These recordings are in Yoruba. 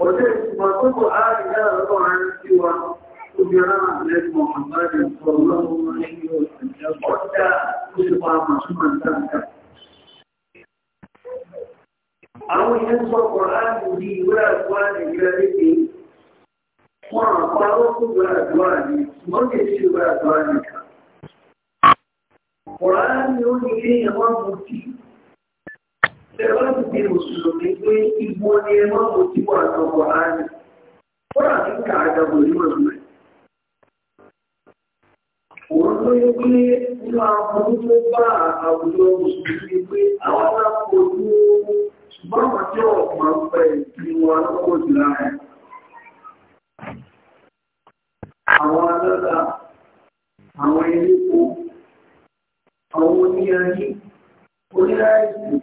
وكيف تقول آل يا طعن سوى سبحان النبي محمد صلى الله عليه وسلم حتى تصبح معصوما ذلك أو ينصر القرآن في ولا أكوان إلى ذكره وأعطاه ولا أكوان مرجع ولا أكوانك القرآن يقول إليه الله مبتيه Ẹ̀rọ ti di mùsùlùmí pé ibo ni ẹ máa mú tí wà lọ́wọ́ á ní. Fọ́nà ti ń kà á dàbò ní wọn rẹ̀. Òun ló yẹ pé nínú àwọn tó bá àwùjọ mùsùlùmí pé àwọn aláàbò ní ṣùgbọ́n àwọn tí ọ̀pọ̀ ń pẹ̀ ní wọn lọ́wọ́ jù láàrín. Àwọn alága, àwọn elépo, àwọn oníyanjú, oníláìsì,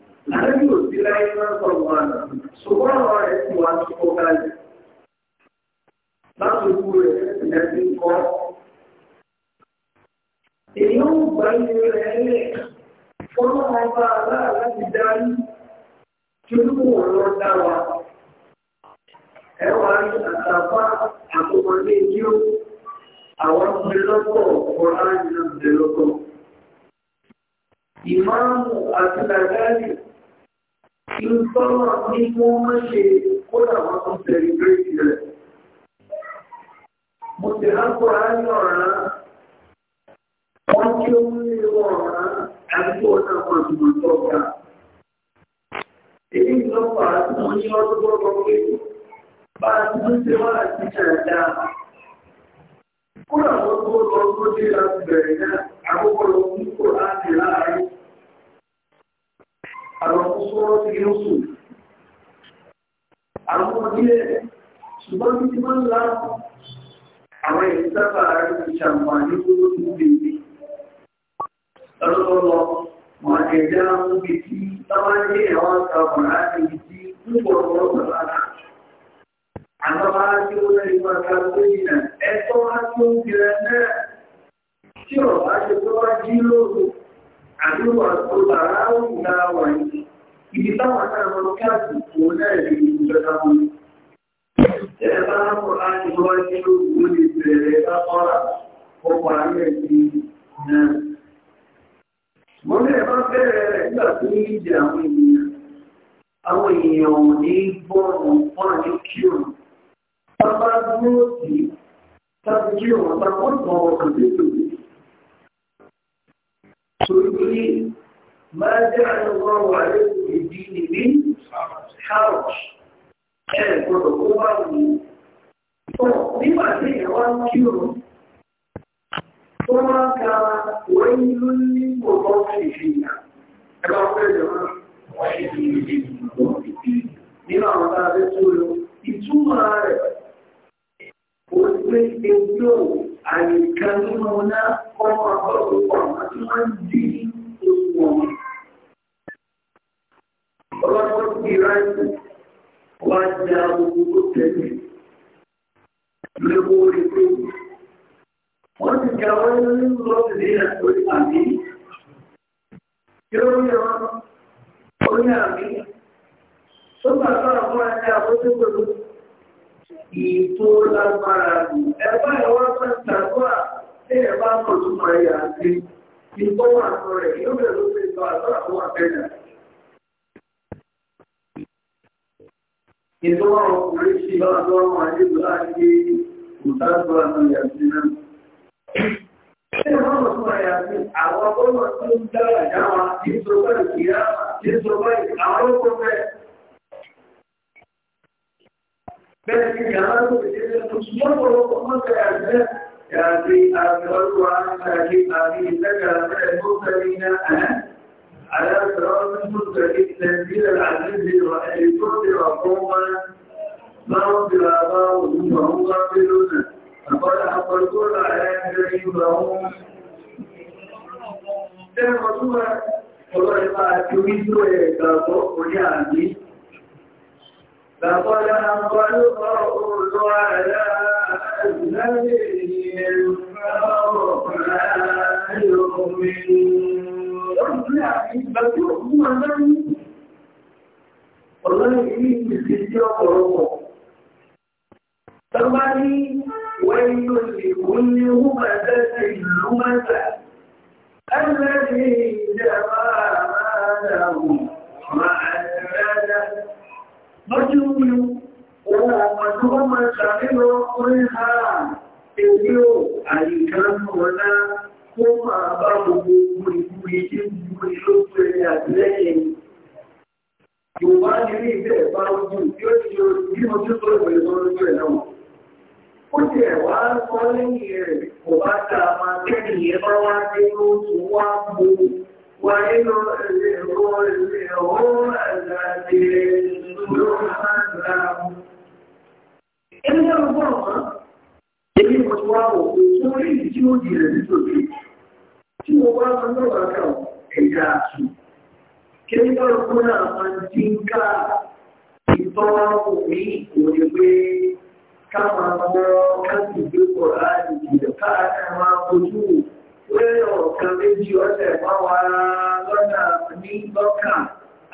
àlejò òsì láyé máa ń sọ̀rọ̀ wọn àná ṣùgbọ́n àwọn rẹ̀ ti wá sí kó kalẹ̀ láti kú rẹ̀ ìyẹn ti kọ́. èyí ó gbà ní rẹ̀ lẹ̀ fọlọ́wọ́n bá aláàlá ti darí tí olúwo lọ dá wa. ẹ wà ní àtàfà àtọmọdé yíó àwọn gbẹlọ́pọ̀ ọ̀rá ìlànà gbẹlọ́pọ̀. ìmáàmù àti làgálì ìtọ́lọ̀ ní wọ́n mọ́ ṣe kódà wọ́n tún sẹ̀lẹ̀gbẹ̀rẹ̀ rẹ̀. Mo ti hápọ̀ ráyé ọ̀rá, wọ́n kí ó ń lè wọ ọ̀rá àti ọ̀nà ọ̀dùnmọ̀ tọ́ka. Èyí lọ́pàá tí wọ́n ní ọdún gbọ́dọ̀ pé bá a ti ń ṣe wá àti ṣàdá. Kódà wọ́n tó lọ tó dé láti bẹ̀rẹ̀ náà, àkókò lọ fún láti láàárín àrùn sọ́rọ́ ti yóò sùn àwọn ọmọdé ṣùgbọ́n títí máa ń lá àwọn èyí sábà rẹ̀ ti ṣàǹfààní lóró ní bèbè lọ́lọ́lọ́ wọn ẹ̀dá ń bi tí tábàdé àwọn àtàwọn láti bi tí ń bọ̀ lọ́wọ́ lára àwọn bá tí ó lẹ́yìn máa ta gómìnà ẹ̀tọ́ wá tí ó ń gbìyànjú náà tí ọ̀bá ṣe tó bá jí lóru àdúgbò àtúntà ráhùn náà wà ní ibi táwọn àtàrà wọn kí àtúntò náà rí ìjọba wọn. Ẹ̀rẹ́ bá ráhùn láti wọ́n ní olùgbò lè bẹ̀rẹ̀ bá kọ́ra ọkọ̀ ayé ti náà. Mo ní ẹ̀bá bẹ̀rẹ̀ rẹ̀ tó torí pé máa jẹ́ àwọn ọmọ àlejò ìdí nìbí harrods ẹ̀ gbọ́dọ̀ kó wà wù ú. nígbà tí ìyàwó ń kírun tó máa ń ka ló ní gbogbo ìfìyà ẹ pé ojú àyíká nínú náà kọ́mọ ọ̀pọ̀lọpọ̀ àwọn tí wọ́n ń dí òṣùwọ̀n. ọlọ́pọ̀ ti ráìpù wá já owó tó tẹ̀lé lówó orí pé wọ́n ti jà wọ́n ní àmì. yóò yọ orí àmì tó bàbá ètò lágbára ní ẹgbẹ́ ìwọ́n tó ń tàgbà tí ẹ bá mọ̀ tó mọ̀ ẹ̀yà àti ìgbọ́ wà sọ rẹ̀ yóò bẹ̀rẹ̀ ló fi sọ àtọ́rà tó wà bẹ́ẹ̀ Ètò àwọn ọkùnrin sí lọ́dọ̀ àwọn àdébò láti ìtàgbà àwọn ìyàtí náà. Ṣé sí àwọn بس يعرفوا المسلمون والمؤمنون كأعداء يأتي أمروا عن أجيب أمين لك المرسلين على صراط مستقيم تنزيل العزيز لتنذر قوما ما أنزل آباؤهم وهم غافلون فقد حق على أنفسهم فقد ألقى القول على أجنبيهم فهم لا يؤمنون والله إيه مسكتي وقرقه ويل لكل همزة لمزة الذي جمع ماله مع lọ́jọ́ ìlú òun ọmọ tó wọ́n mọ̀ ṣàrílọ orí ha èdè ò àìkánú ọlá kó máa bá gbogbo ogun ìgbú ìdí gbogbo ìlókù ẹni àtìlẹ́yìn Yorùbá ní ní ìbẹ̀ bá ogun tí ó ti bí mo tó tọ́lọ̀ pẹ̀lú ọlọ́jọ́ ẹ̀ náà. Ó ti ẹ̀ wá sọ lẹ́yìn rẹ̀ kò bá ta máa kẹ́ni ẹ̀ bá wá dé lóṣù wá gbogbo وننذرهم عذاب ذو Ẹni ẹ̀rọ bọ́rọ̀ kan, èmi kò tó wá wò, tó rí ìdí tí ó jìnà nítorí tí mo bá máa náà wá kàn ẹ̀ka àtù. Kí ní bọ́rọ̀ kó náà máa ti ń ká ìtọ́wọ́ mi òní pé ká máa mọ́ ká sì gbé pọ̀ láàrin ìjìnlẹ̀ káàkiri máa fojú òkú lórí ọ̀kan méjì ọ̀sẹ̀ pàwà lọ́nà ní lọ́kàn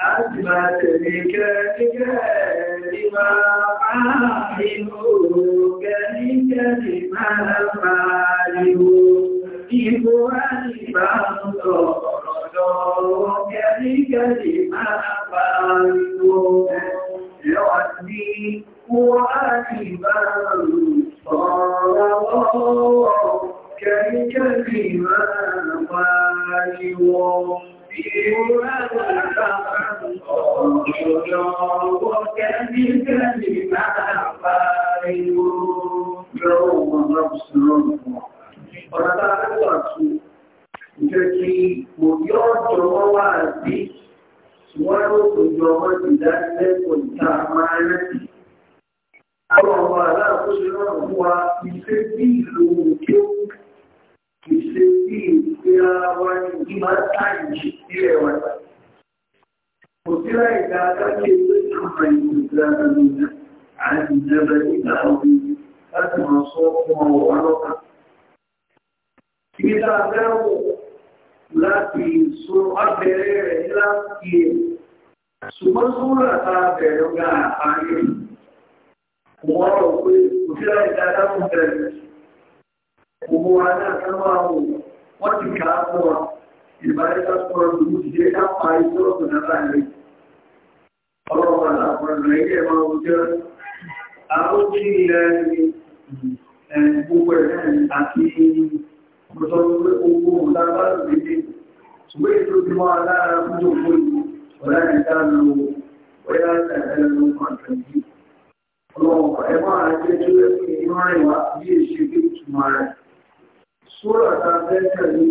a sì máa tẹ̀lé kẹ́kẹ́ ní máa máa ìlú kẹ́kẹ́kẹ́ máa máa ìlú ìbò wá nígbà ń sọ ọ̀rọ̀ kẹ́kẹ́kẹ́ máa máa ìlú ọ̀rọ̀ كالكلمة ọmọ ìdánilẹ́kọ̀ọ́ náà wà ìfẹ́ bí ìlú òkè òkè ìṣe bí ìṣe ara wa ní ìmá táyì sílẹ̀ wa. Kò sí láì dá akáké pé àwọn ìgbésẹ̀ àgbàgbà àti ìjọba nígbà ọdún láti máa sọ fún ọwọ́ wa lọ́kàn. Ìgbésẹ̀ àgbẹ̀wò láti sọ abẹ́rẹ́ rẹ̀ láti ẹ̀. Ṣùgbọ́n súnra ta bẹ̀rẹ̀ ọgá àárín. Wọ́n rọ̀ pé kò sí láì dá akáké pẹ̀lú gbogbo wa náà ká máa wò wọ́n ti kà á fún wa ìbáraẹta sọ̀rọ̀ lórí ìdílé ká pa ìṣòro tó náà láàyè ọlọ́pàá làkùnrin rẹ̀ yẹ máa wò jẹ́ àwọn tí ilẹ̀ gbogbo ẹ̀ àti ọ̀sọ̀ owó lágbára méjì ṣùgbọ́n èyí tó ti wá lára fúnjọ fóyí ọ̀lá ìdá lọ ọ̀yá ẹ̀lẹ́nu pàtàkì ọlọ́pàá ẹ̀ máa jẹ́ tó ẹ̀ fún ìmọ̀ ìwà bí èṣe bí ìtumọ̀ súrà tàbẹ́kẹ̀ ní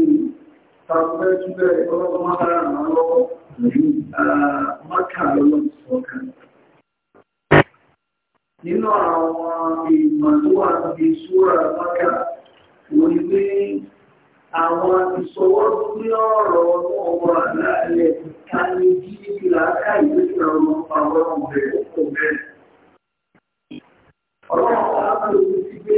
tàbẹ́ túbẹ̀ ọlọ́pọ̀ mọ́tàrà máa lọ́wọ́ mọ́kà mm-hmm. ah, lọ́lọ́pọ̀ nínú àwọn ìmọ̀ tó wà ní súrà mọ́kà wọ́n ni pé àwọn ìṣọwọ́ lórí ọ̀rọ̀ ọmọ aláàlẹ̀ ká ní kí ìlàákà ìgbésẹ̀ ọmọ àwọn ọmọ rẹ̀ kò bẹ̀rẹ̀ ọlọ́pàá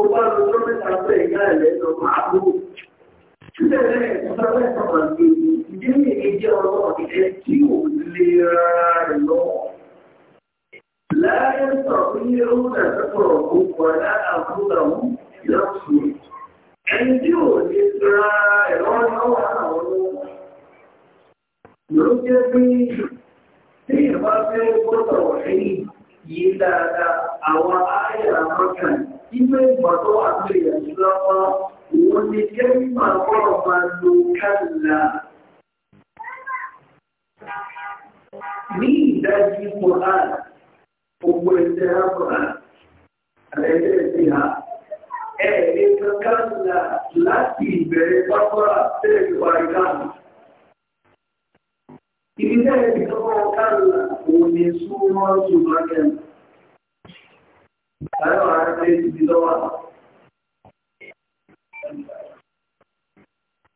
وقال الرسول صلى الله عليه وسلم معه Tuttavia, attraverso quanti ingegni e geologi e più livello, la yastatiru tasarrufu wa la akhudahum yaqsul. And you, Israel, all know how. Nujabi, في بعض القطع حين يدعى أو آية مكان inú ìgbà tó wà ní ìyàjú lọ́pọ̀ òun ni kẹ́mà gbọ́dọ̀ máa lo kálà ní ìdájí Quran gbogbo ẹsẹ̀ Quran àlẹ́lẹ́ ẹ̀sẹ̀ ha ẹ̀ẹ́dẹ́ kan kálà láti ìbẹ̀rẹ̀ pápára tẹ́lẹ̀ wà ìdáhùn ìdílé ẹ̀ẹ́dẹ́ kan kálà òun ni súnmọ́ Kalau orang itu di luar.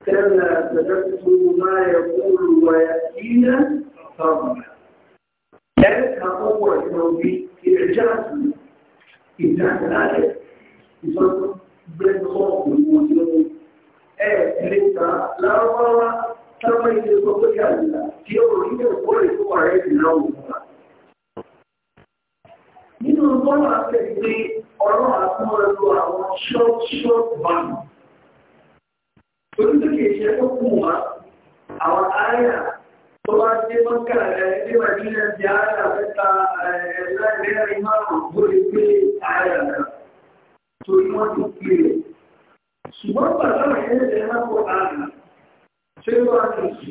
كلا تدخل ما يقول ويأتينا فضلا ذلك هو التوبيخ إعجاز إعجاز الآية يصدق بالخوف والوجود إيه لسه لا والله ترى يصدق هذا في أول كده كل سؤال يتناول nínú bọ́lá pẹ̀lú ọ̀rọ̀ àwọn ẹ̀rọ àwọn ṣọ́ọ̀ṣọ́ọ̀tì báyìí. Olùdókè ìṣẹ́ tó kù wá àwọn àyà tó bá dé mọ́kà ẹ̀ẹ́dẹ́ Nàìjíríà di àyà mẹ́ta ẹ̀ẹ́dẹ́rẹ́rin márùn-ún lórí pé àyà náà torí wọ́n ti pè é. Ṣùgbọ́n bàbá ẹ̀ẹ́dẹ́ náà kọ àyà ṣé wọ́n á ṣe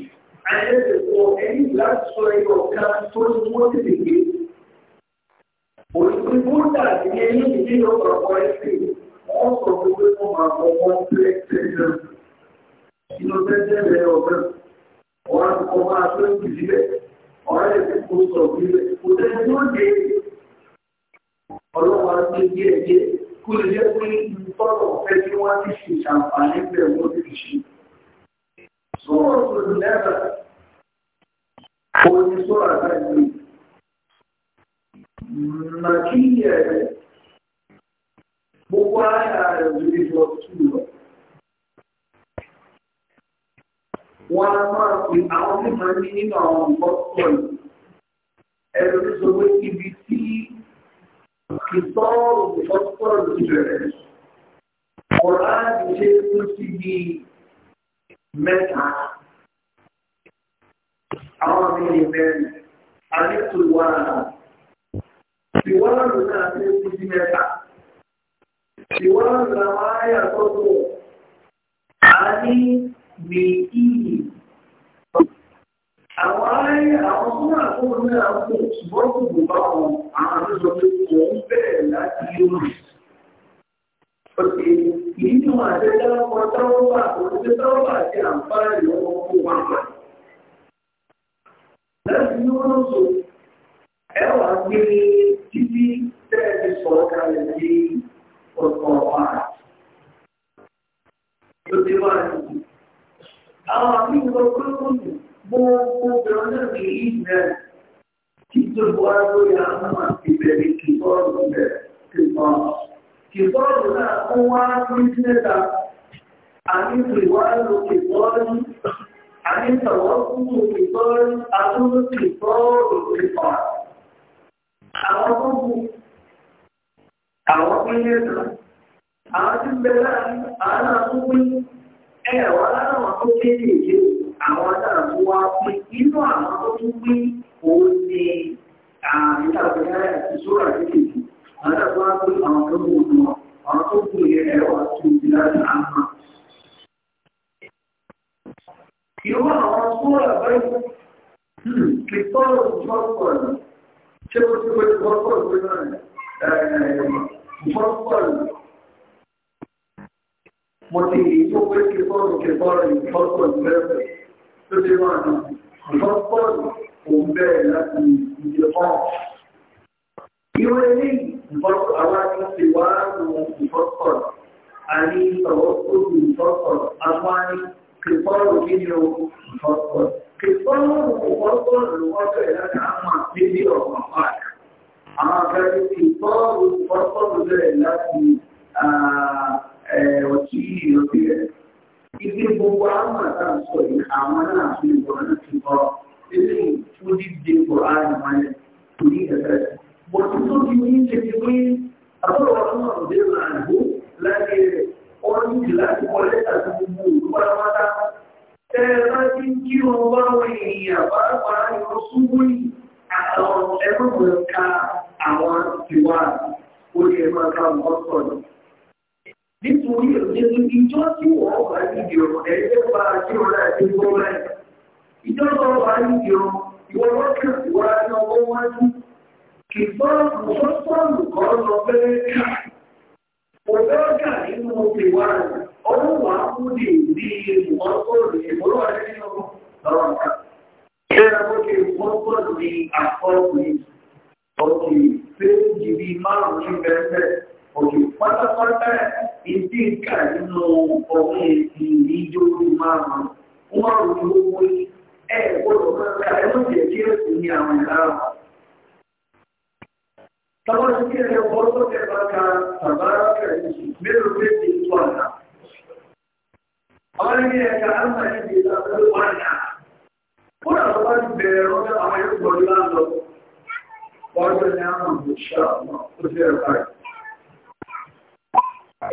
àyẹ̀dẹ̀ pọ̀ ẹ̀yìn láti sọ ẹ̀yọ̀ kan tó ń wọ́n ti Porque muita gente que não propõe nosso governo marcou com flexibilidade. E não tem dinheiro, ora com a ação que vive, ora esse custo vive, o tempo dele. Ora o ano que vive, que cuida de um todo feito um antigo champanhe para o outro destino. Só màkíyà rẹ̀ gbogbo ara rẹ̀ lórí lọ sí lọ. Wọ́n á máa fi àwọn tí máa ní nínú àwọn nǹkan pọ̀ yìí. Ẹ̀rọ ló sọ pé ibi tí ìtọ́rọ̀ nǹkan pọ̀ ló bẹ̀rẹ̀. Ọ̀rá ti maa sí bí mẹ́ta. Àwọn mi lè mẹ́rin. ìwọ́lọ́dù náà ti kú sí mẹ́ta ìwọ́lọ́dù làwọn ayà tó a ní méjì àwọn ayà àwọn tó wà fún un náà kò ṣùgbọ́n kò kò bá wọn àwọn àtúnṣe tó kò ń bẹ̀rẹ̀ láti yóò Òkè ìdí títí tẹ́ẹ̀lì sọ̀rọ̀ kalẹ̀ sí ọ̀pọ̀ wàrà. wá nìyí. Àwọn àfihàn gbogbo gbogbo ọ̀dọ́ ní ìgbẹ́ kí tó bọ́ lórí àwọn ìbẹ̀rẹ̀ kì bọ́ọ̀lù bẹ̀rẹ̀ kì bọ́ọ̀lù. Kì bọ́ọ̀lù náà ń wá ní mẹ́ta. Àní ìwádìí kì bọ́ọ̀lù. Àní ìtàwọ́ kúrò kì bọ́ọ̀lù. Àtúntò kì bọ́ọ̀lù kì àwọn tó àwọn pín àwọn tí ń bẹ láàrin tó pín ẹ̀rọ aláwọ̀ tó kéde àwọn tó àwọn tó borrowing, also in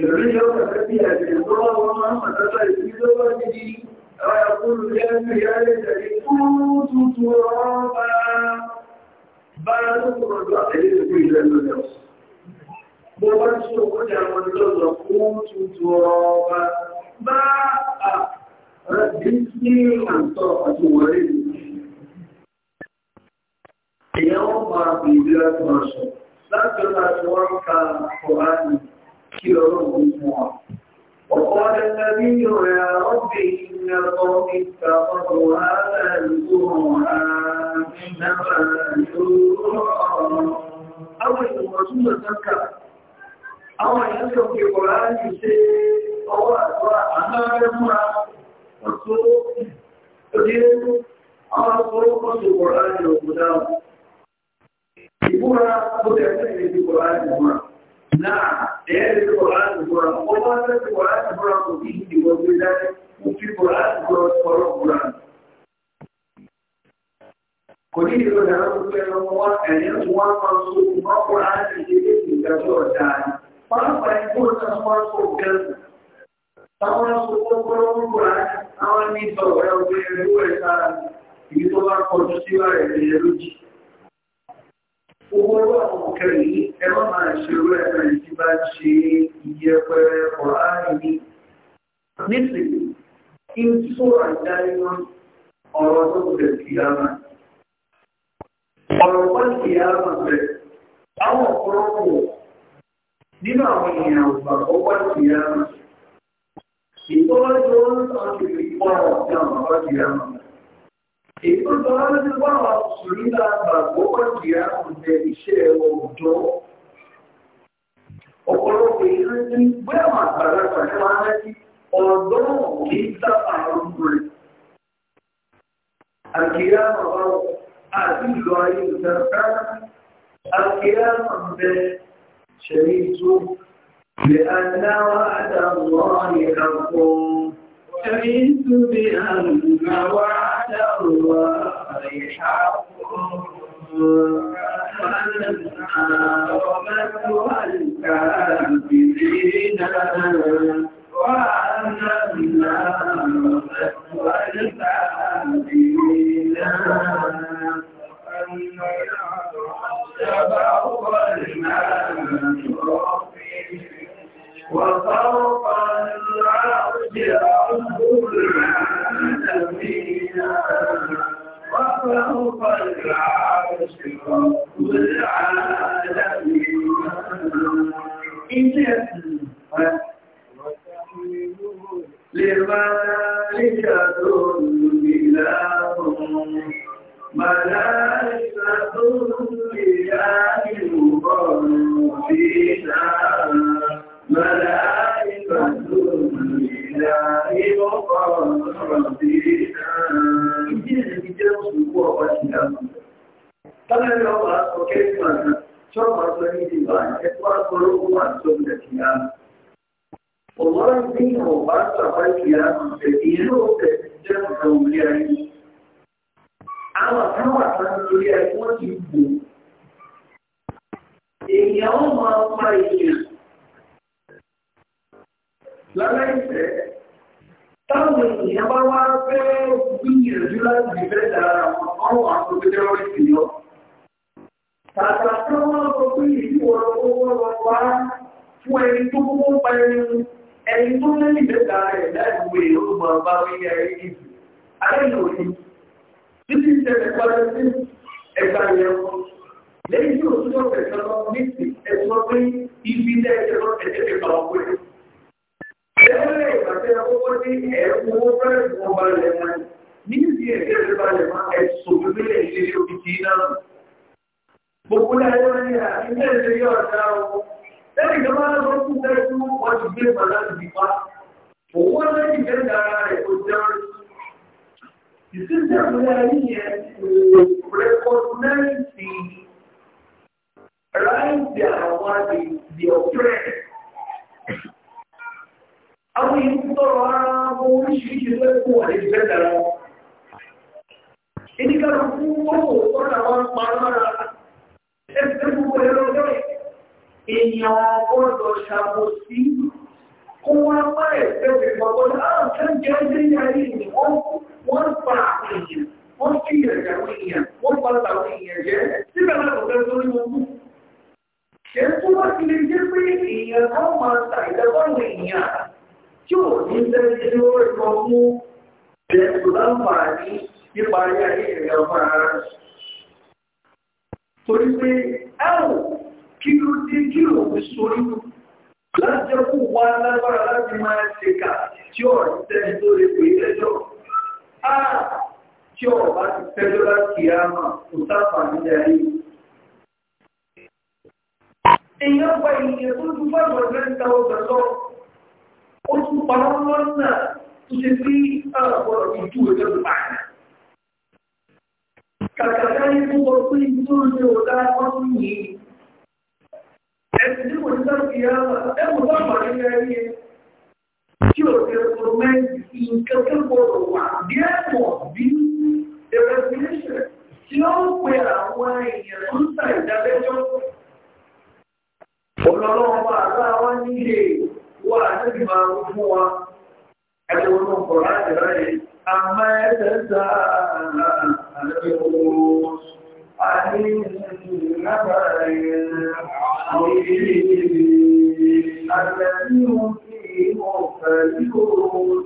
domin yau da tafiya ce zuwa wani matsala shi zuwa jini a ya kuru ya fi ya yi da ya kutu turawa ba ba ya zuwa da a yi da kuyi da nuna ko ba su da kuta wani zuwa kutu turawa ba ba a rabin ne an tsoro a tuwari ìyàwó máa bèèrè láti máa sọ láti ọ̀la tí wọ́n ń ka kọ̀ọ̀rọ̀ kí ọlọ́run fún wa. وقال النبي يا رب إن قوم اتخذوا هذا القرآن نبأ أول الرسول تذكر أول يذكر في القرآن ọwọ́ àtúrà àmọ́rẹ́ múra ọ̀tọ́ orílẹ̀-èdè àwọn akọ́lọ́kọ́ tó kọ̀rọ̀ láti ọ̀pọ̀ dáwọn ìbúra tó tẹ̀lé ìdíkọ̀rọ̀ láti múra na deve orar por a boa de orar por a política de mobilidade o que por a por o coro grande colhido da nossa pelo uma é nem uma passo uma por a de que se gastou a dar para para importar para o grande Tahun lalu pun kurang kurang, awal ni baru ada dua ekar. Ini tu baru konstitusi baru yang dilucuti. owó ọkùnkẹ́ yìí ẹwọ́n máa ṣerú ẹ̀rẹ́ ìdí bá ṣe iye pẹ̀rẹ̀ ọ̀rá ìní nísìnyí kí n sọ́rọ̀ ìdáríwọ́n ọ̀rọ̀ tó bẹ̀ sí àmà ọ̀rọ̀ wọ́n sí àmà bẹ̀ àwọn ọ̀pọ̀lọpọ̀ nínú àwọn èèyàn ọ̀gbà ọwọ́ sí àmà ìtọ́jú ọ̀rọ̀ sí àmà Èyí tó lọ́dún wọ́n wà sùúrù náà gbàgbọ́ pẹ̀lú ìyá ọ̀dẹ iṣẹ́ ọ̀dọ́. Ọ̀pọ̀lọpọ̀ ìlú ní gbé àwọn àgbàlagbà ní wọn rántí ọ̀dọ́ kì í sábà rúgbó rẹ̀. Àkìyá àwọn àti الله يحفظ the, the oppressed. Àwọn ìrúkọ̀rọ̀ ara wọn oríṣiríṣi lẹ́kùn wà ní ìgbẹ́tẹ̀ra wọn. Ìdíkàrù fún owó ọ̀nà wọn pàápàá ẹgbẹ́ gbogbo ẹ̀rọ ọjọ́ èèyàn ọgọ́dọ̀ ṣàbòsí kó wọ́n má ẹ̀fẹ́ ìgbàgbọ́dọ̀ àwọn tó ń jẹ́ ẹgbẹ́ ayé ni wọ́n pa èèyàn, wọ́n fi ìrẹ̀gàwé ṣe túmọ̀ sí lè jẹ́ pé èèyàn kan máa ta ìdábọ̀wọ̀ èèyàn tí ò ní sẹ́ni tí ó rẹ̀ lọ mú ilẹ̀ tó láǹfààní nípa ayé ayé ìrìn ọ̀fà ara. Torí pé ẹ̀wọ̀n kí ló dé kí ló fi sórí láti jẹ́ kó wá lágbára láti èèyàn gba ìyè tó ju five hundred thousand lọ ó tún pa wọ́n lọ́nà tó ṣe sí ah, ọ̀rọ̀ ìjú ẹ̀jẹ̀ tó bá yẹn. kàkà káyé tó sọ pé ìjú ẹ̀jẹ̀ ò dá wọ́n ń yìí ẹ̀sìn tí kò ní sáré fi yára ẹ̀wọ̀n bá wà nínú ẹ̀rí ẹ̀ tí ò ṣe rọmẹ́ntì nǹkan tó gbọdọ̀ wà bí ẹ̀mọ̀ bí the revolution tí ó ń pe àwọn èèyàn tó ń ta ìdálẹ́jọ́ ọlọ́lọ́wọ́ bá àgbà wọn nílé wà níbi máa ń fún wa ẹgbẹ́ wọn náà kọ̀ọ̀rọ̀ láti ráyè àmọ́ ẹ̀sẹ̀ ń ta àlẹ́ òun àní lábàárẹ̀ àwọn ilé àgbẹ̀bí wọn fi ìmọ̀ pẹ̀lú òun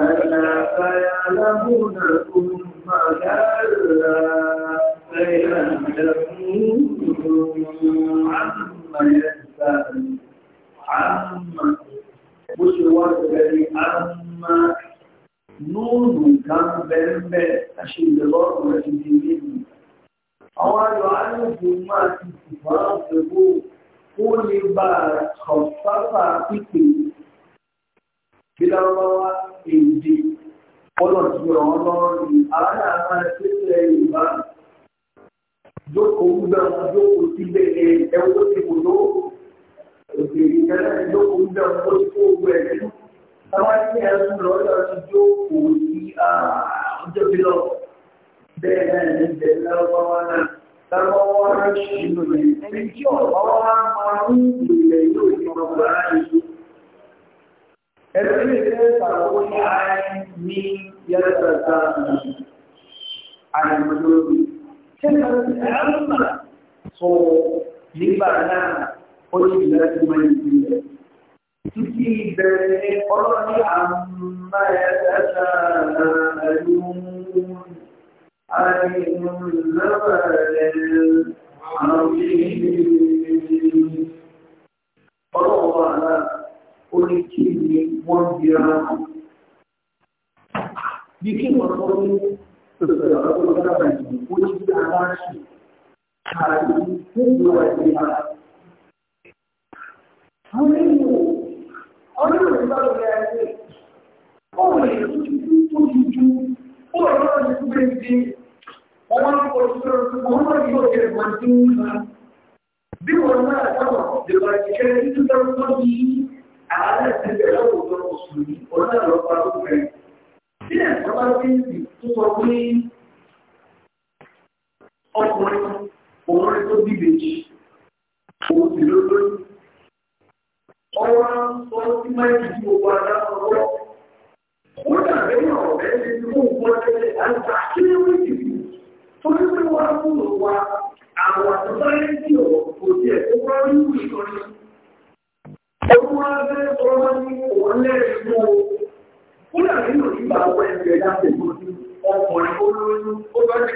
Àyàfà alábùnà òun máa dára ẹ̀yà ìjọba ìrìn àmì àmà bó ṣe wá ìrẹ́ ní àmà nóòlù kan bẹ́ẹ̀bẹ́ àṣẹ ìdẹ̀lọ́rùn rẹ̀ ti di nínú àwọn ayọ̀ ayọ̀bù máa ti tìfà àfẹ́gbó ó lè bá kọ̀ọ̀fáfà pípé bí lárúbáwá èdè ọlọ́dún ọ̀hún lọ́rùn àwọn àwọn àti ìṣẹ̀lẹ̀ jókòó gbẹ̀wọ̀n jókòó síbẹ̀ ẹ̀wọ́ ti kò lóòrùn èrè tẹ́lẹ̀ ìjókòó ń bẹ̀rù ó ti kó owó ẹ̀ nínú. Táwọn ní ẹ̀sùn lọ́yọ̀ ti jókòó sí ọjọ́ bí lọ. Bẹ́ẹ̀ náà ní ìbẹ̀rẹ̀ lọ́wọ́ náà. Lọ́wọ́ náà ṣì ń lò ní. Ẹni tí ọ̀pọ̀ wá máa ń gbèrè yóò ti mọ̀ bá ṣe. Ẹ̀sìn ìfẹ́ ìpàwọ́ ní àárín ní yàtọ̀ta àyàmọ̀lórí. Ṣé kàrọ̀ sí àárọ̀ So, nígbà náà قل لكم من تجيب القرآن عما يتساءلون عن النبأ العظيم قال قل كني منذرا بكل قول تسرع وتبعد وجد عراشي هذه كلها àwọn èèyàn ọdún ìlú bá lọ́wọ́ ẹgbẹ́ ọ̀rọ̀ èèyàn tó ti kú tó ti ju ó lọ lọ́wọ́ ti kú bẹ́ẹ̀ di ọmọ nípa òṣìṣẹ́ òṣìṣẹ́ ọmọ náà yóò jẹ́ ìwọ̀n tí ń ka bí wọn náà sábà dèbà ìṣẹ́ títí lọ́wọ́ tó di ààrẹ ti bẹ̀rẹ̀ òwúrọ̀ mùsùlùmí ọ̀rọ̀ náà lọ́wọ́ bá lọ́wọ́ rẹ̀ bí ẹ̀sọ́ bá ti ń bì tó sọ pé ọkùnrin òun rẹ̀ tó bí bèjì òun sì ló ọwọ́ sọ sí mẹ́rin ọwọ́. dàbí ọ̀rẹ́ nǹkan pé wọ́n wá àwọn tí ọ̀rọ̀ kò tiẹ̀ tó wá rí wá ní òun lẹ́rìí mú o. dàbí wọ ẹgbẹ́ láti ọkùnrin olóyún ó bá ṣe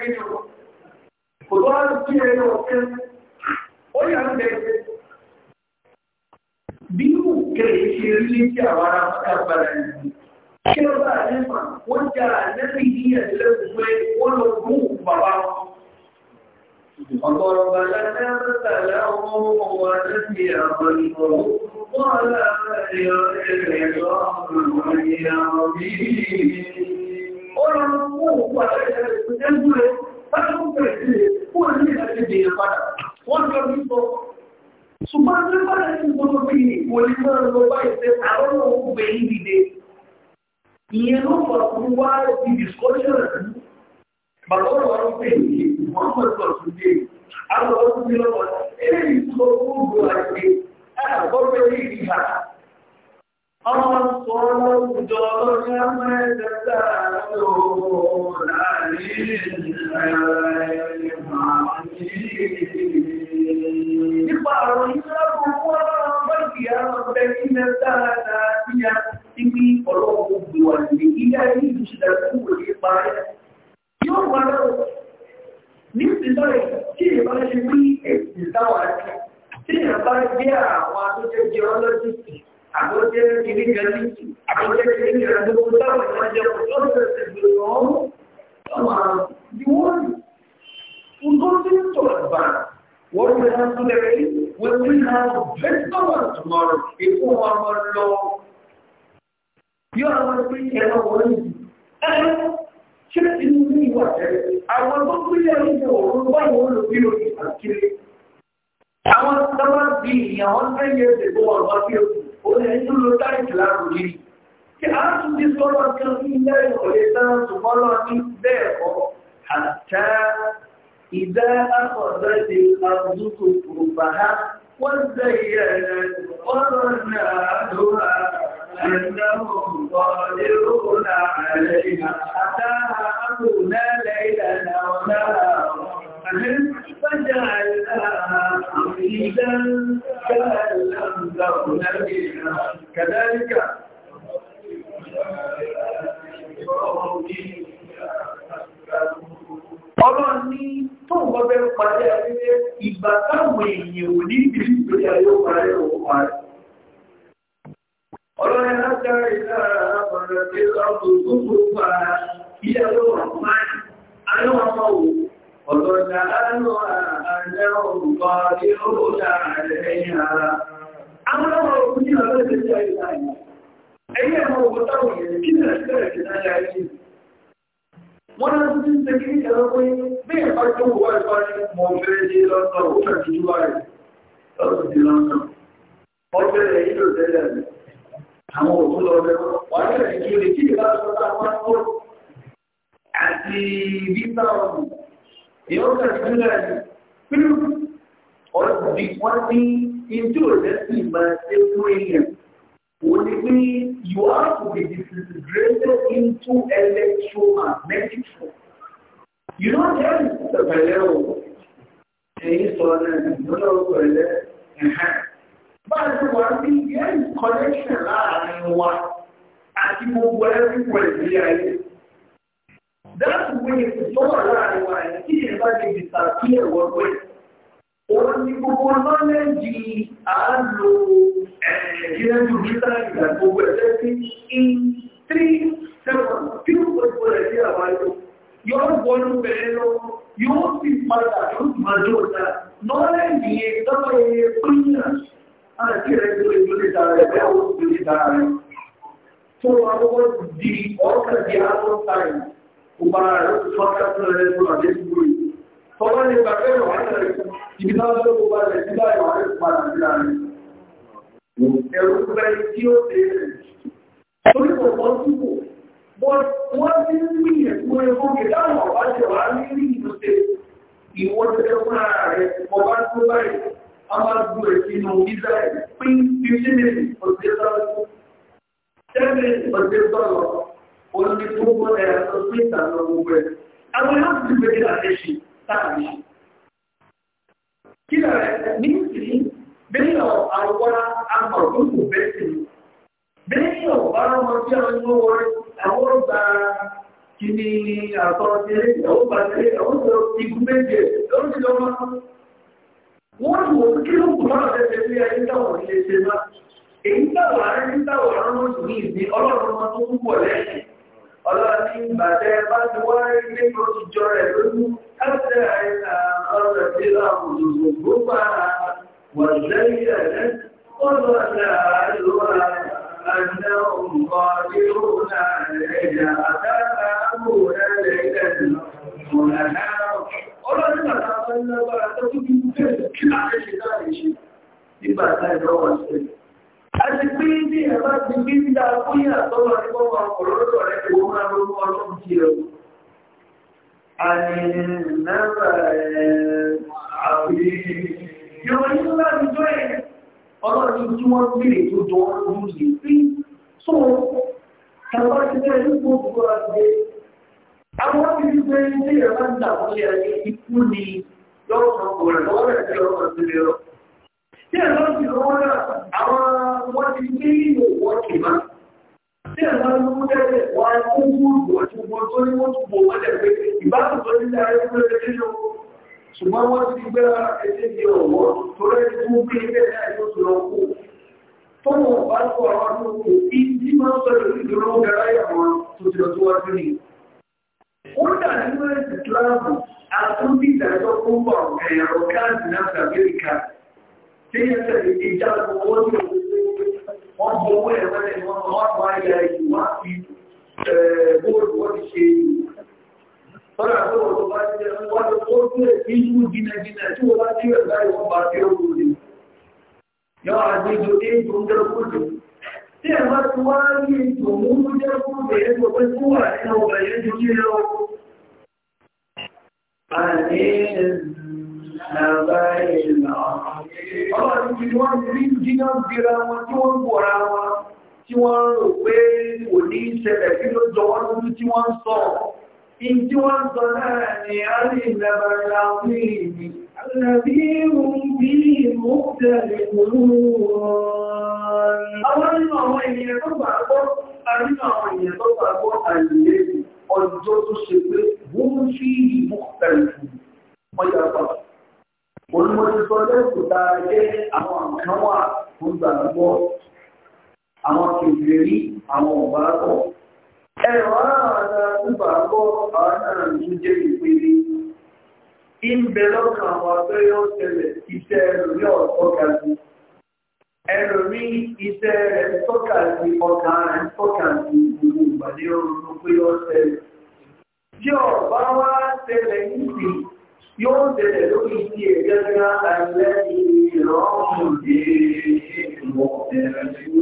kí ni ọ̀rọ̀. bí ó kẹrì ṣe rí tí àwọn ará pàtàkì ní kí ó bá nípa wọ́n já lẹ́bí ní ẹ̀lẹ́ pé wọ́n lọ gún bàbá ọ̀pọ̀lọpọ̀ lẹ́tẹ̀ẹ́tẹ̀lẹ́ ọmọ ọmọ lẹ́bí àwọn ìmọ̀ wọ́n láàárín ọ̀rẹ́ ẹ̀rọ ọmọ ìyàwó bí ó lọ gún pàtàkì ẹgbẹ́ Wọ́n ń kọ́ bí sọ ṣùgbọ́n ní bá ẹ̀ ń gbọ́dọ̀ bí mo lè máa lọ báyìí pé àwọn náà ń gbé yín dìde ìyẹn ló fà fún wá di discussion bàbá ọ̀rọ̀ wọn pè ní Muhammad lọ́sùdé àwọn ọ̀rọ̀ tó lọ́wọ́ eléyìí tó gbogbo àti àgbọ̀gbẹ̀ yìí ti hà ọmọ sọ láwùjọ lọ́jọ́ mẹ́tẹ̀ẹ̀ta lọ́wọ́ láàrin ìrìnàjò àwọn ìrìnàjò pààrọ̀ ìgbàgbọ́ fún ọlọ́run bọ́ọ̀dì àwọn ọ̀bẹ ní mẹ́ta àtàkìyà tí bí ọlọ́run gbogbo wà ní ilé ayé ìjìnlẹ̀ fún òye parẹ́. Yóò wà lọ́wọ́ ní ìsìnlẹ̀ tí ìbá ṣe bí ẹ̀sìn táwà ní tí ìbá jẹ́ àwọn atọ́jẹ́ jẹ́ ọlọ́dúnṣì àtọ́jẹ́ kìnnìkanìṣì àtọ́jẹ́ kìnnìkanìṣì gbogbo táwọn ìwájẹ́ ọlọ́dúnṣì gbogbo ọmọ ọmọ What we have today? We have better tomorrow if we are know, You are going to be alone. And check in me what I want to be alone. Why would you be I want someone being a hundred years ago or what you would have to look at clarity. Ask this God be he knows later tomorrow and therefore, حتى إذا أخذت الأرض كفوفها وزينت قرناتها أنهم قادرون عليها أتاها أمرنا ليلا ونهارا فجعلناها حميدا كأن لم تكن بها كذلك Thank you. ọlọ́run ní tó ń gbọ́ parí ìgbà táwọn èèyàn ò ní ìdí ìgbésí ayé parí parí. ọlọ́run lájá ìlà àbọ̀rẹ̀ tí ọdún tó tó pa ilé ọlọ́run wọ́n náà tún ti ṣe kí ní ẹ̀rọ pé bí ẹ̀fà tó wà ìfà ní mọ̀ fẹ́rẹ́ dé lọ́sọ̀ ó fẹ́ ti júwà rẹ̀ lọ́sọ̀ dé lọ́sọ̀ wọ́n fẹ́rẹ̀ yìí ló tẹ́lẹ̀ rẹ̀ àwọn òkú lọ rẹ̀ wọ́n fẹ́rẹ̀ kí lè kí ìlà tó ta tó àti bíbá ọ̀dù èèyàn kà sí ilẹ̀ rẹ̀ pínlẹ̀ ọ̀dù wọ́n ìdí òjẹ́ sì máa ṣe fún èèyàn òní pé you have to be disintegrated into electromagnetic force. You don't tell me to pẹ̀lẹ́ o, ẹ̀yin sọ̀rọ̀ náà ìgbọ́dọ̀ pẹ̀lẹ́ ẹ̀hán. Báyìí ti wà ní yẹn connection láàrin wa àti gbogbo everywhere ní That's way tó wà láàrin wa yẹn kí ni bá lè disappear wọ́pẹ́. Òun ni gbogbo knowledge àá lò quieren suscitar la convertirse en three seconds. ¿Qué no puede decir a Mario? Yo no puedo verlo, yo sin falta, yo sin mayor, no le envié, no le envié, puñas. Ahora quieren solicitar, le veo solicitar. Solo algo de otra diálogo time. O para los otros de la descubrir. Solo el papel lo van a decir. Y mi lado lo va a decir, lo Era um Brasil dele. Por isso, eu posso Wọ́n ti ń gbìyànjú ẹgbó gẹ̀dáwọ̀ wá jẹ́ wá ní rí ìdúté. Ìwọ́n tẹ́ fún ara rẹ̀, ọba tó báyìí, a máa gbọ́ ẹ̀kí nù Israel, pín fífínìtì ọ̀dẹ́ sọ́lọ́. Tẹ́lẹ̀ ọ̀dẹ́ sọ́lọ́, òun ni tó wọ́n ẹ̀ sọ pé ìtàlọ́ gbogbo ẹ̀. Àwọn yóò ti gbé Many of our and our good profession. Many of our material kini àtọ́tẹ́lẹ́ ìyàwó pàtẹ́lẹ́ ìyàwó tó igun méje lórí lọ́wọ́. Wọ́n ni wọ́n kí ló kù máa tẹ́tẹ́ sí ayé táwọn ilé ṣe máa. Èyí táwọn aráyé táwọn aráwọ̀ ní ìdí ọlọ́run máa tó púpọ̀ lẹ́yìn. Ọlọ́run bá ti wá ilé tó ti rẹ̀ lójú. Ẹ̀sẹ̀ àìsàn ọ̀rọ̀ ìdílé àwọn òṣòṣò gbogbo ara وزينت وظنوا أنهم قادرون عليها فتأمون ليلا ونهار ọlọ́dún bàtà àwọn ẹlẹ́gbàrà tó tún bí bẹ́ẹ̀ kí láti ṣe láàrin ṣe nígbà táì lọ́wọ́ sí a ti pé ní ẹ̀bá ti gbé ní dákúnyà tọ́lọ́ ní wọ́n ọ̀rọ̀lọ́dọ̀ rẹ̀ wọ́n máa ló mọ́ ọlọ́run tí ẹ̀ àìnàbà ẹ̀ àfihàn ìròyìn ńlá ti jọ ẹ̀ ọlọ́run tí wọ́n béèrè tó jọ ọdún yìí sí tó ẹ̀rọ ti bẹ́ẹ̀ ní gbogbo àgbẹ̀ àwọn ti ti bẹ́ẹ̀ ní ẹ̀rọ máa ń dà wọlé ayé ikú ni lọ́wọ́ kan kò rẹ̀ lọ́wọ́ rẹ̀ sí ọ̀rọ̀ sí lè rọ̀ tí ẹ̀rọ ti lọ́wọ́ náà àwọn wọ́n ti gbé ìlú wọ́n kì má tí ẹ̀rọ ti mú tẹ́lẹ̀ wọ́n á kó gbogbo àti gbogbo tó ní wọ́n tó gbogbo wọ́n tẹ̀ pé ìbáṣepọ̀ nílẹ̀ ṣùgbọ́n wọ́n ti gbé ẹgbẹ́ ọ̀wọ́ tó rẹ̀ tó gbé ẹgbẹ́ ẹ̀yọ́ tó lọ kú tó mọ̀ bá tó àwọn akókò bí tí máa ń sọ̀rọ̀ sí ìdúró gara ìyàwó tó ti lọ tó wá sí ni. ó dà nínú ẹ̀sìn ìsìláàmù àtúndì ìdájọ́ fún bọ̀ ẹ̀rọ káàdì náà amẹ́ríkà tí yẹn tẹ̀lé ìjà owó tí wọ́n bọ̀ owó ẹ̀rọ Fọ́nà tó wọ́n tó bá jẹ́ wọ́n tó tó lè fi ń mú jìnàjìnà tí wọ́n bá tí wọ́n bá ìwọ̀n bá tí ó rú ni. Yọ́ àjíjò ní ìtòmúdẹ́ kúrò. Tí ẹ̀ bá ti wá ní ìtòmúdẹ́ kúrò bẹ̀rẹ̀ tó pé kú wà nínú ọgbà yẹn jù kí lọ. Àní nàbá ìlà. Ọlọ́run ti rò pé kò ní ìṣẹ̀lẹ̀ kí ló jọ wọ́n tí wọ́n ń إن توضناني عن النبى العظيم الذي هم به مختلفون أولا ما هو إن يتوقع أقول أرنا هو إن يتوقع أقول الذي أجد الشبه هم فيه مختلفون ما يتوقع olùmọ̀lẹ́sọ̀lẹ́ kò dáa jẹ́ àwọn àmàlẹ́wà tó gbàgbọ́ àwọn kèfèrí àwọn ọ̀bá kọ̀ọ̀ ẹwà àdá púpà kọ́ àádọ́rà tó jẹ́ ìpele ìbẹ̀ lọ́kàn àwọn abẹ́rẹ́ ọ̀tẹ̀lẹ̀ iṣẹ́ ẹlòmí ọ̀tọ́ka sí ẹlòmí iṣẹ́ rẹ̀ tọ́ka sí ọkà rẹ̀ tọ́ka sí gbogbo ìgbàlẹ́ ọ̀rọ̀ pé ọ̀tẹ̀lẹ̀ tí ọ̀bá wá tẹ̀lẹ̀ yóò tẹ̀lẹ̀ lórí sí ẹ̀gẹ́gẹ́ àìlẹ́yìn ìrọ̀rùn dé ìmọ̀ Kò ṣe bẹ́ẹ̀ tí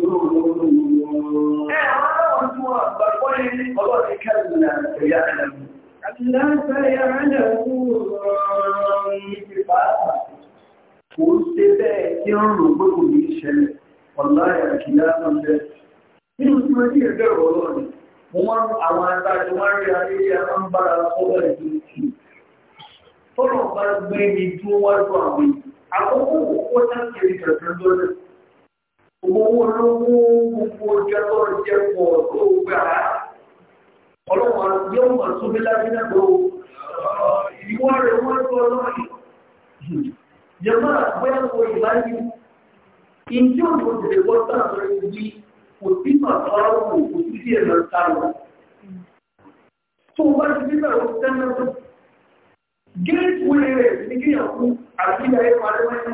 ó rùn gbogbo ní ìṣẹ̀lẹ̀, ọ̀láyà kì láàrín ọ̀lẹ́. Nínú wọ́n àwọn àtàjọ wọ́n rí ayé àwọn bára ọlọ́rin tọ́lọ̀ bá gbé mi dúró wájú àwọn èèyàn àkókò òkú tákìrì kẹ̀kẹ́ lọ́dẹ̀ owó lówó gbogbo ọjọ́ tó ń jẹ́ pọ̀ tó gbà á ọlọ́wọ́n yóò mọ̀ tó bí lábí náà tó ìwọ́ rẹ̀ wọ́n tó lọ́yìn jẹ́mọ́ àgbẹ̀wò ìbáyé ìdí òjò tẹ̀lé wọ́n tààtọ̀ ibi kò sí màtọ́ àwọn òkú sí ẹ̀rọ táwọn tó wá sí nígbà géèkúlé rẹ̀ ní kíyànkú àti ìyàyé parẹ́mẹ́ta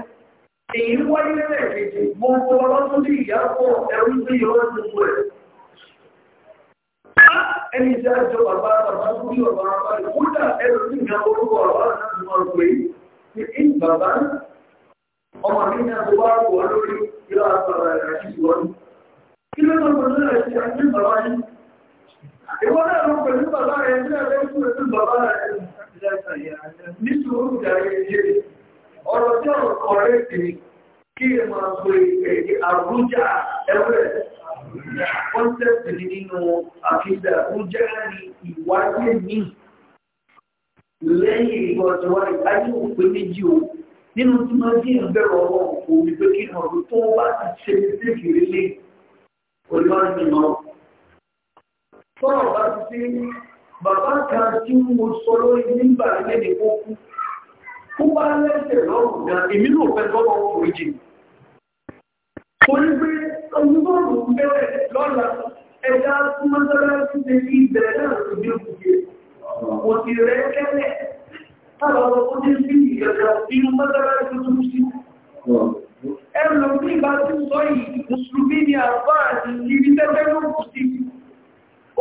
èyí wáyé rẹ̀ kejì gbogbo ọlọ́tún sí ìyàpọ̀ ẹrú sí ìrọ́ gbogbo rẹ̀ ẹni jẹ́ àjọ bàbá bàbá tó bí ọ̀bá bàbá rẹ̀ kódà ẹrù sí ìgbà orúkọ ọ̀rọ̀ láti mọ̀ pé ní kí bàbá ọmọ mi ní àbúrò wà wọ lórí ìlà àgbàrá rẹ̀ àti ìwọ́n kí ló máa bàbá rẹ̀ sí nítorí ìdarí jẹ́ ọ̀rọ̀ tí ọ̀rọ̀ kọ̀rẹ́ ti kí ẹ máa gbé ẹ̀dẹ̀ àrújà ẹ̀rẹ́ kọ́ńtẹ́pì nínú àfihàn àrújà ní ìwádìí mi lẹ́yìn ìgbọ̀njọ́ ayé òpin méjì o nínú tí máa dín ìbẹ̀rù ọ̀rọ̀ òkú wípé kí ọ̀rọ̀ tó bá ti ṣe sí ìrẹ́lẹ̀ bàbá kan tí mo sọ lórí nígbà lẹ́ni kó kú kó bá lẹ́sẹ̀ lọ́rùn gan èmi náà fẹ́ lọ́wọ́ ọkùnrin jì kò ní pé ọdúnbọ̀rù bẹ̀rẹ̀ lọ́la ẹja mọ́sára ti ṣe kí ìbẹ̀rẹ̀ náà tó dé òkúté kò sì rẹ̀ kẹ́lẹ̀ táwọn ọkọ̀ tó sí ìgbẹ̀rẹ̀ inú mọ́sára tó tún sí ẹ̀rùn bí ìbá sọ yìí mùsùlùmí ni àbáà ní ibi tẹ́tẹ́ sí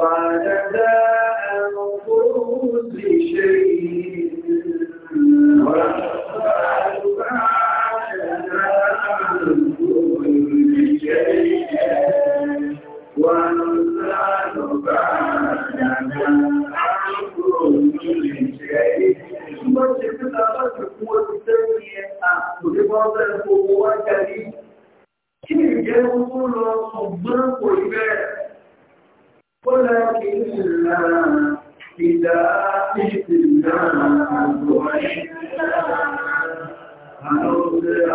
بعد ذا أنفوز شيء والأسفل بعد ذا أنفوز شيء والأسفل بعد ذا أنفوز شيء Mas se você estava com uma vitamina, você pode ter um pouco de carinho. Que ninguém não falou, são brancos e velhos. ولكننا إذا أتنا أدعينا أنصر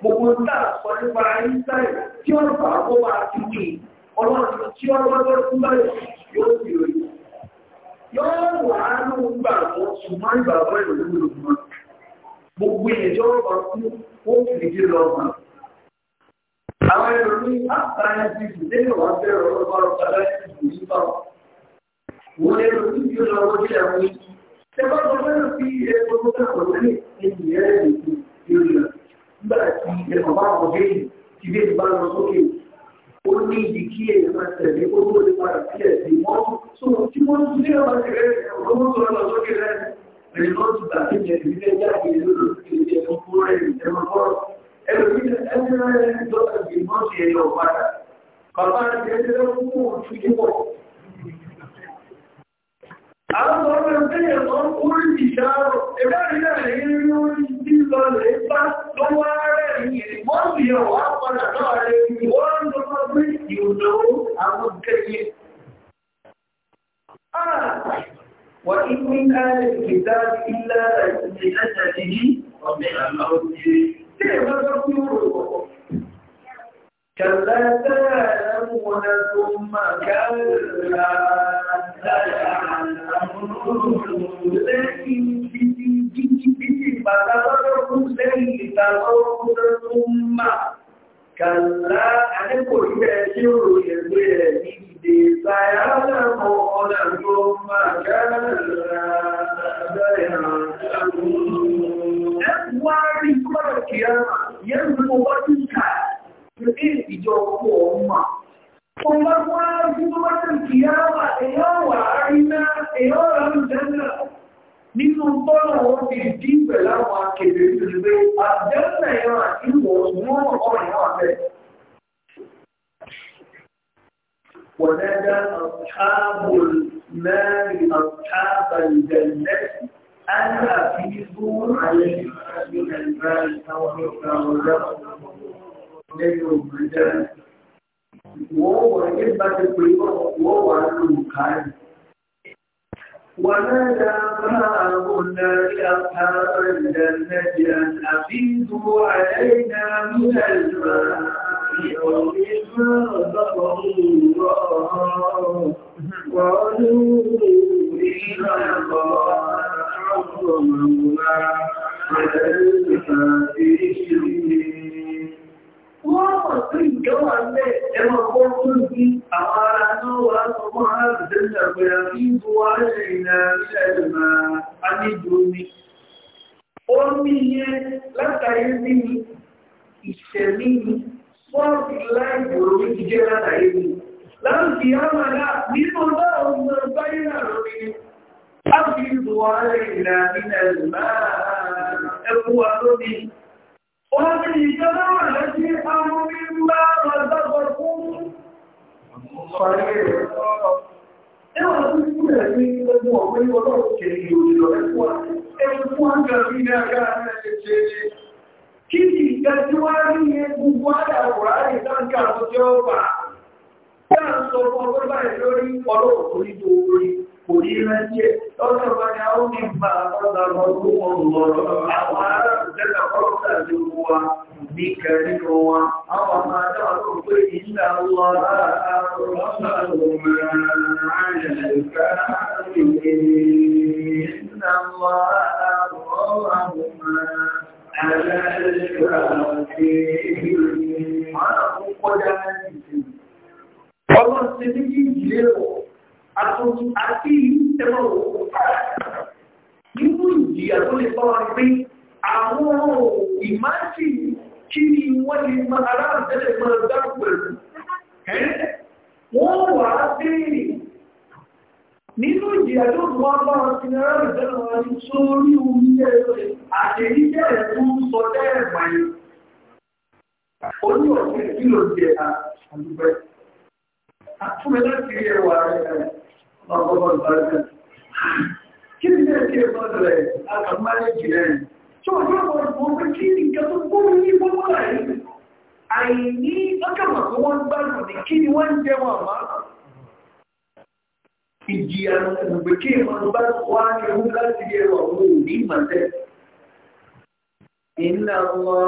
gbogbo ń tà sọ nípa Einstein tí wọ́n fà ti fi rè yóò wà á láti dùn wọ́n ah, lérò ní bí ó lọ wọlé àwọn ìjì. Ṣé bá lọ bẹ́rẹ̀ ọmọdé àwọn ẹni ẹni ẹni que levava alguém que veio para nós o Ogni di chi ele fratelli, ognuno di partire di modo, sono ele non si deve mantenere, non sono la sua chiesa, e non ele sta quindi di vedere che lui si ele non pure, è ele po', e lo dice, è una cosa che non si è io, guarda, ma parte è àwọn ọmọ ẹgbẹ́ wọn orí ìṣàrò ẹgbẹ́rìnlẹ̀ ìrìn orí ìlọ rẹ̀ bá lọ́wọ́ rẹ̀ ní wọ́n bí ọwọ́ padà náà rẹ̀ ní wọ́n lọ́wọ́ pé ìrìnlọ àwọn gẹ̀yẹ wọ́n ikú ń káàrẹ̀ ìgbẹ̀dá ilẹ̀ ìrìnlẹ̀ ìrìnlẹ̀ ìrìnlẹ̀ كلا سيعلمون ثم كلا كلا أنا كنت أشعر يدري سيعلمون ثم كلا سيعلمون أكواري كل القيامة ينزل بطنك pé ìjọ ọkọ̀ ọmọ. Ọmọ wá gúgbọ́ bá tàn kì yá wà èyàn wà àríná èyàn rà ń jẹ́nà nínú bọ́lá wọn fi dí pẹ̀lá wọn kèrè ìrìnlẹ̀ àjẹ́nà ẹ̀yàn àti ìwọ̀ ọ̀sùnwọ́n ọ̀rọ̀ ìwọ̀n abẹ́. Wọ̀nẹ́dá àtàbò mẹ́rin àtàbà ìjẹ̀lẹ́ Ana fi zuwa ayyukan da ya lẹ́yìn òògùn jẹ́rẹ́. Wọ́n wà nígbà tí pé wọ́n wà lóògùn káyọ̀. ونادى أصحابنا لأصحاب الجنة أن أفيدوا علينا من الماء ومما غفر الله قالوا إنا الله حرم الله على الكافرين wọ́n mọ̀ sí ìjọba lẹ́ ẹmọ kó tó ní àwọn ará náà wà sọmọ́ àrùdẹ́ ìjàgbẹ̀rẹ̀ bí i bú wá ṣe ìrìnà ilẹ̀ ìrìnà aníjò omi omi yẹ látàrí ní ìṣẹ̀mí fọ́ọ̀tì láìpòrò ní ìjẹ́ ní láti àmàlà nínú láàrín ààrẹ ìlànà ìlànà ẹkùn wa lóbi وهذه الجماعة ṣe. Kí ni ìgbẹ̀tíwárí ní gbogbo àdàwòrá ìdáǹkà àtọ́jọ́ kò ní rántí ọjọ́ bá ní àwọn nípa ọ̀dà ọdún ọ̀rọ̀ àwọn ará ìjẹ́ta ọ̀rọ̀ta ló wà ní kẹrìnà wa àwọn àmàdà ọdún pé ìlà wọ́n ọ̀rọ̀ta ló mẹ́rin àárín ẹ̀ka ìlà wọ́n ìjìlẹ̀ wọ̀ àti ìtẹ́wọ̀n òkú nínú ìjìyà tó lè bá wọn pé àwọn ìmájì kí ni wọ́n lè máa aláàtẹ́lẹ̀ máa dákù pẹ̀lú wọ́n wà á bèèrè nínú ìjìyà tó wọ́n bá wọn ti rẹ̀ ìtẹ́lẹ̀ wọn ní sórí oúnjẹ àtẹ̀yíjẹ́ rẹ̀ tó ń sọ tẹ́rẹ̀ pàyẹ jẹ́ àdúgbẹ́. Àtúmẹ́lẹ́ ti rí ẹwà rẹ̀ magogon barkan kin ne kini ka tun gobe ni gobe na yi àìní ọkàn mọ̀ tó wọ́n gbàgbọ́ ní kí ni wọ́n jẹ́ wọn máa ìjìyà ògbè kí ìmọ̀ bá wá ní ewu láti yẹ wọ̀ wọ́n ò ní ìmọ̀ tẹ́. Iná wọn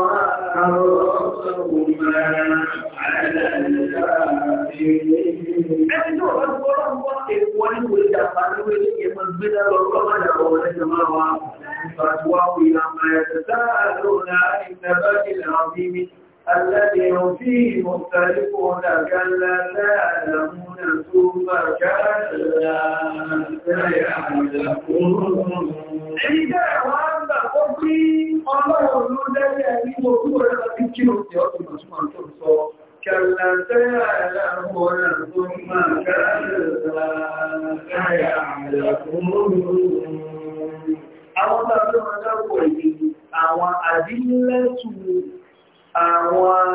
àwọn ọ̀sán òun ẹni tí ọ̀rọ̀ ti kọ́lọ́ ń bọ́ èèwọ̀ ní kò lè dàgbà lórí ilé yẹn máa gbé náà lọ́rọ́ lọ́mọ ìdàgbà wọlé jẹ máa wá ìfàtíwá wò ìlànà ẹ̀sẹ̀ sáàlónà ìtẹ̀bẹ́jì náà bí mi alẹ́dẹ̀ òfin ìmọ̀tàlípọ̀ dàgbà láàlàmúnà tó bá gáàlà ẹni jẹ́ àwọn àgbà kó bí ọlọ́run ló dẹ́gbẹ̀ẹ́ nínú òkú rẹ̀ láti kí كلا سيعلمون ثم كلا سيعلمون àwọn tàbí wọn dápò èdè àwọn àdínlẹ́tù àwọn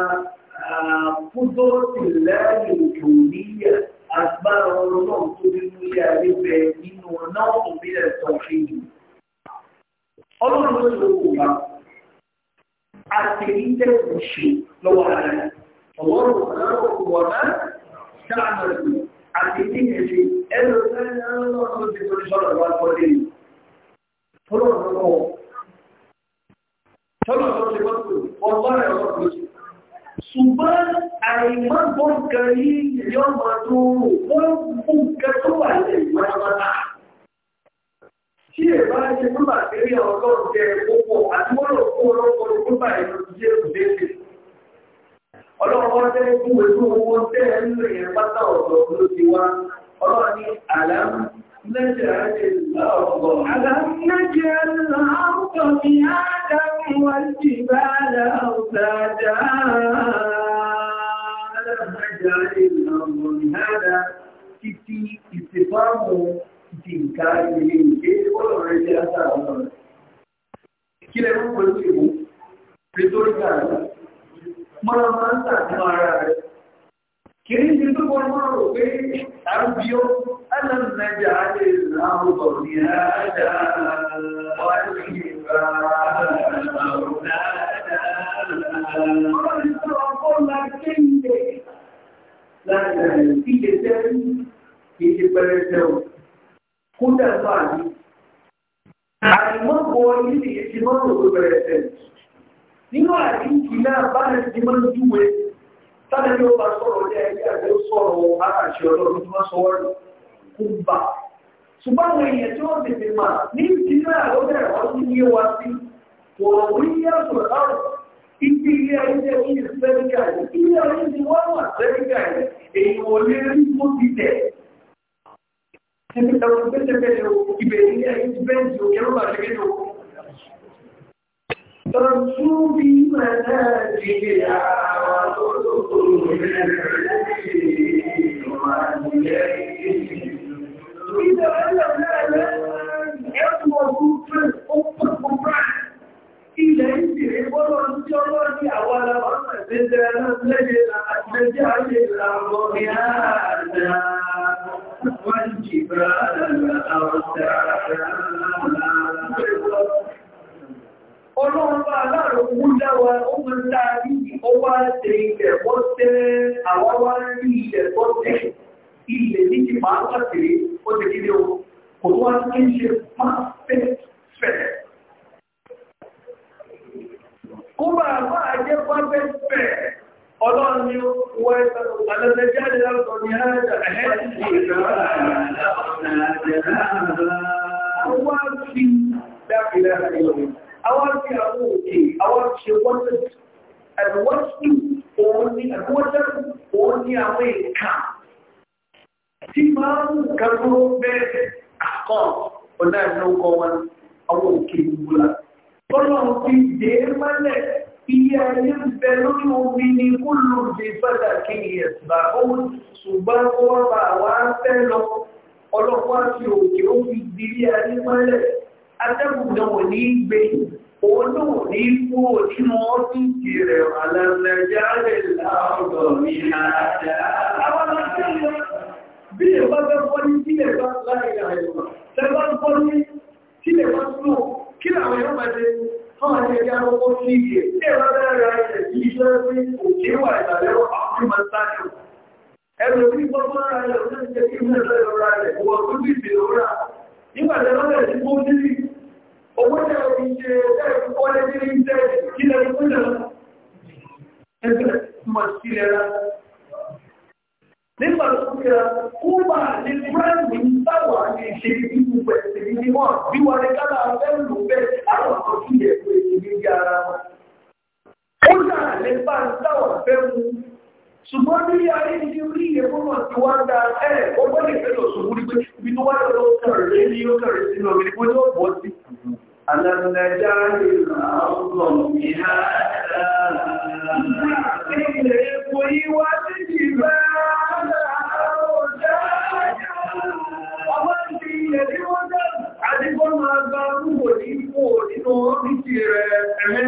àpúdóòtì lẹ́yìn ìjòníyà agbára ọlọ́run tó nínú ilé ayé bẹ nínú náà ìbílẹ̀ tọ́fíìlì ọlọ́run tó lè wò wá àtẹ̀yìntẹ̀ ìṣe lọ́wọ́ ara rẹ̀ ọwọ́rọ̀ wọ̀ná dáàmà sí àti ní èsì ẹ̀rọ sẹ́yìn ọlọ́run ti tó sọ̀rọ̀ wá kọ́lé tọ́lọ̀ lọ́wọ́ tọ́lọ̀ tó ti wọ́n tó ọgbọ́n rẹ̀ wọ́n tó sí ṣùgbọ́n àìmọ́gbọ́n kan yìí yọ́ máa tó wọ́n fún èbá ṣe fún bàtẹ́rì ọlọ́run jẹ́ gbogbo àti wọ́n lọ fún ọlọ́run gbogbo àìmọ́ ọlọ́run wọn tẹ́lẹ̀ fún ìwé fún owó tẹ́lẹ̀ ń lè yẹn pátá ọ̀dọ̀ ló ti wá ọlọ́run ní àlám lẹ́jẹ̀ àti ọ̀gbọ̀. àlám lẹ́jẹ̀ àlọ́ọ̀tọ̀ ní ádámù wá sí bàálà ọ̀sájà. àlám lẹ́jẹ̀ àti ọ̀gbọ̀ ní ádá títí ìsìnfàmù ti nǹka ilé ìgbé ọlọ́run jẹ́ kí lẹ́nu pẹ̀lú ìwò pẹ̀lú ìgbà àgbà máa máa ń tàbí ara rẹ̀. Kìí ti tó kọ́ máa rò pé àbíọ́ alàmìnàjà alẹ́ ìrànlọ́bọ̀ ní àádá Kúdà bá ní, àìmọ́bọ̀ ilé ìṣẹ́mọ́rò tó bẹ̀rẹ̀ tẹ̀lẹ̀ nínú àríkì náà bá lè ti mọ́ júwe tàbí yóò bá sọ̀rọ̀ ní ẹgbẹ́ àti ó sọ̀rọ̀ aláṣẹ ọlọ́run tó máa sọ̀rọ̀ rẹ̀ kú bá ṣùgbọ́n àwọn èèyàn tí wọ́n tètè mà ní ìdí náà ó bẹ̀rẹ̀ wọ́n ti yé wa sí wọ́n rí yàtọ̀ láàrọ̀ ibi ilé ayé ní ìfẹ́ríkà yìí ilé ayé ni wọ́n wà fẹ́ríkà èyí wọ́n lé rí mọ́ ti tẹ̀ Ibi ìtàwọn pẹ́tẹ́pẹ́tẹ́ ìbẹ̀rẹ̀ ilé ayé ti bẹ́ẹ̀ فارجوبي منازلها وارزقني من العلم إذا أنا لا يطلب في الأمة القرآن إلا أنت عبارة إن شاء الله في أول مرة زدنا نجد نجعل الأمر والجبال أرسلنا Ọlọ́run bá aláàrẹ̀ owó dáwà ọmọ dáadí ó wá ṣe ilẹ̀ wọ́n tẹ́ àwọn wá rí ilẹ̀ wọ́n tẹ́ ilẹ̀ ní ti máa pàtàkì ó ti kí ní o kò wá kí ń ṣe máa fẹ́ fẹ́. Kó bá bá jẹ́ wá fẹ́ fẹ́ ọlọ́run ni wọ́ alẹ́lẹ́jáde lọ́tọ̀ ni á Àwọn wá fi dákìlá ìlú àwọn fi àwọn òkè àwọn ṣe wọ́tẹ̀ ẹ̀wọ́tì òun ní ẹ̀wọ́tẹ̀ òun ní àwọn ìka tí máa ń kàdúró bẹ́ẹ̀ àkọ́ ọ̀nà ìnáwó wọn àwọn òkè ìwúlá tọ́lọ́run ti dé mọ́lẹ̀ iye ayé ń bẹ lórí omi ni kó lò dé fẹ́dà kí ìyẹ̀sùbà ó ṣùgbọ́n wọ́n bá wá fẹ́ lọ ọlọ́pàá ti òkè ó fi dirí ayé mọ́lẹ̀ atẹ́gùn ò ní gbé olóò ní kú nínú ọdún ti rẹ̀ alẹ́lẹ́járe láàrọ̀ ní àjá àwọn akẹ́lẹ́ bí i bá bẹ́ fọ́ ní sílẹ̀ bá láàrin àìyàn tẹ́gbá fọ́ ní sílẹ̀ bá tó kí làwọn yóò máa ṣe fọ́nà ní ẹgbẹ́ àwọ́kọ́ sí ìgbẹ̀ tí ẹ̀rọ bẹ́rẹ̀ rẹ̀ sí iṣẹ́ pé òkè wà ìtàlẹ́rọ àwọn ìmọ̀ sáàkì ẹ̀rọ bí gbọ́gbọ́ rẹ̀ lọ́sẹ̀ owó tẹ́ o fi ṣe ẹ̀rù kọ́lé tí ní jẹ́ kílẹ̀ ìpínlẹ̀ ẹgbẹ́ mọ̀ sílẹ̀ rá. Nígbà tó kí ra, Kúbà ní Fúrẹ́ǹdì ń sáwà ní ṣe ìlú pẹ̀sẹ̀ ní wọ́n bí wọ́n ní kálá fẹ́lú bẹ́ẹ̀ àwọn ọ̀tọ̀ sí ẹ̀kọ́ èdè ní bí ara wọn. Kúbà ní bá ń sáwà fẹ́ mu. Ṣùgbọ́n ní ayé ní orí ìyẹ̀kọ́ náà ti wá da ẹ̀ ọgbọ́n ìfẹ́ lọ sọ wúrí pé ibi tó wá lọ́wọ́ kẹrẹ̀ ní ó kẹrẹ̀ sínú ọ̀gbìn ألم نجعل الأرض مهادا للرقل والجبال أوجادا ومن في الوجد àdígbọ́n máa gba rúgbò ní ipò nínú oríṣi rẹ̀ ẹ̀mẹ́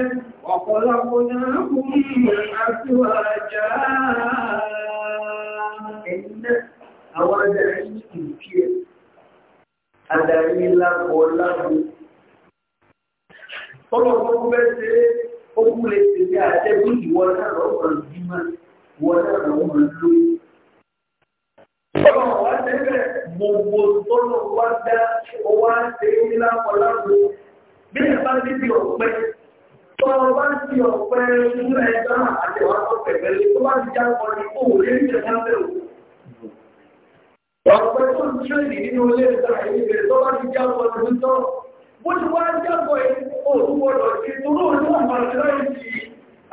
ọ̀pọ̀lọpọ̀ náà fún ìmọ̀ àti àjá ẹ̀yìnlẹ̀ àwọn adarí ìpìlẹ̀ adarí lápọ̀ lápọ̀ tọ́lọ̀ gbogbo bẹ́ẹ̀ ṣe ogun lè ṣe bí àtẹ́gùn ìwọ náà lọ́wọ́ ìdímọ̀ ìwọ náà lọ́wọ́ lórí. tọ́lọ̀ wá tẹ́lẹ̀ gbogbo tọ́lọ̀ wá dá ọwá ṣe ní lápọ̀lápọ̀ bí ẹ bá ti di ọ̀pẹ tọ́lọ̀ bá ti ọ̀pẹ nínú ẹgbẹ́ àtẹ̀wá tó pẹ̀lẹ́ tó bá ti já wọn ní kó lè ń jẹ náà bẹ̀rù. ọ̀pẹ tó ń tẹ́lẹ̀ nínú ilé ìta ìbẹ̀rẹ̀ tó bá ti já wọn ní tọ́ ó ti wá jábọ̀ òtúwọ́lọ̀ sí toró olóòwò ọ̀lọ́rin sí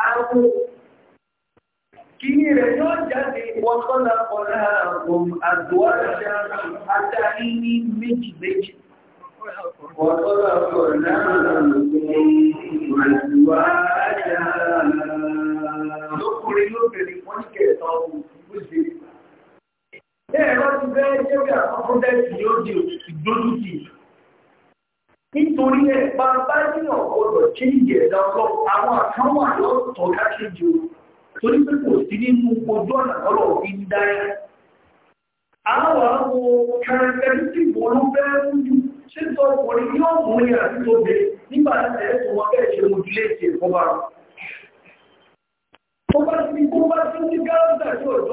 àwọ̀ kí ní rẹ̀ yóò jáde wọ́tọ́lá ọ̀lá àgbòm àdúwàṣà àtàrí ní méjì méjì wọ́tọ́lá ọ̀lá àgbòm àdúwàṣà lókùnrin lóbìnrin wọ́n ní kẹta ọ̀hún Ẹ̀rọ ti bẹ́ẹ̀ jẹ́ àwọn ọkọ̀ bẹ́ẹ̀ tí nítorí ẹ̀ bá bá ní ọ̀gbọ́dọ̀ chíńjẹ̀ dáńtọ́ àwọn àkáwọn àlọ́ tọ̀ká ṣe jù torí pé kò sí nínú ojú ọ̀nà ọlọ́ fi ń àwọn àwọn kẹrẹkẹrìtìbò ló fẹ́ ń jù ṣé tó ọkùnrin yóò mú ní àti tó bẹ nígbà tẹ̀ tó wọn fẹ́ ṣe mo dilé ṣe ìfọba tó bá ti kó bá ti ní gáàsà tí ọjọ́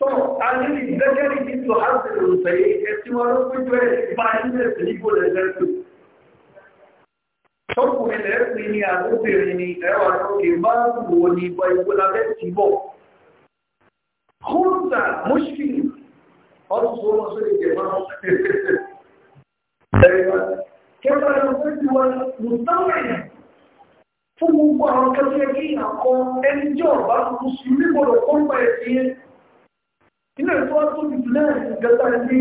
tó alẹ́lì gẹ́gẹ́rì ní tó hásìlẹ̀ òṣèré ẹtí wọn ló péjú ẹ̀ bá nílẹ̀ sí níbo lẹ́lẹ́tò tọkùnrin lẹ́ẹ̀pin ni àgbóbìnrin ni ẹwà lókè máa ń wò ní ìgbà ìgbó lábẹ́ tì bọ̀ kóńtà mọ́ṣíkì ọdún tó wọn sórí ìjẹ̀mọ́ kẹfà ló fẹ́ ti wọn mùtáwẹ̀ yẹn fún gbogbo àwọn kẹfẹ́ kí ìyàkọ ẹni jẹ́ ọ̀bá tuntun sí nígbòdò kọ́ńtà ẹ̀sìn ilé ìfọ́ tó ti jù náà gẹ́gẹ́ ní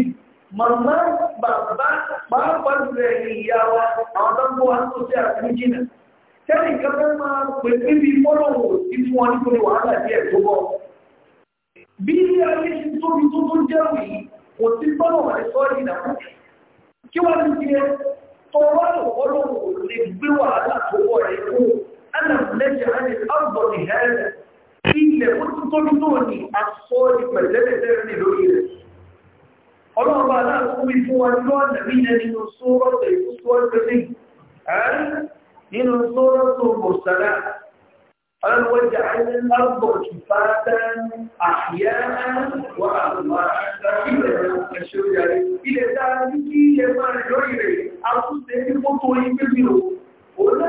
màmá bàbá pàápàá rẹ̀ ìyá wa àwọn tọ́gbọ́ wa tó sí àtúnjìnà tẹ́lẹ̀ ìkẹ́kẹ́ máa pè níbi fọ́lọ̀wò tí fún wọn nítorí wàhálà díẹ̀ tó bọ́ bí ilé ayé ti tóbi tó tó jẹ́rù yìí kò sí fọ́lọ̀wò rẹ̀ sọ́ọ̀dì náà kí wọ́n ẹ̀ ó tún tóbi tó ní aṣọ ìpẹ̀lẹ́lẹ̀ lórí rẹ̀ ọlọ́run bá aláàkúwí fún wa lọ́nà nílẹ̀ nínú sóòrọ̀tọ̀ ìfúsọ́ọ̀tẹ̀lẹ̀ nínú sóòrọ̀tọ̀ mọ̀sára ọlọ́wọ́jà aláàbọ̀ ìfàtàn àyàrá wà àwọn ilẹ̀ ẹ̀ṣẹ́ òjàrí ilẹ̀ dáa ní kí ilẹ̀ máa lórí rẹ̀ àtúnṣe ní fótó ìgbébí o òun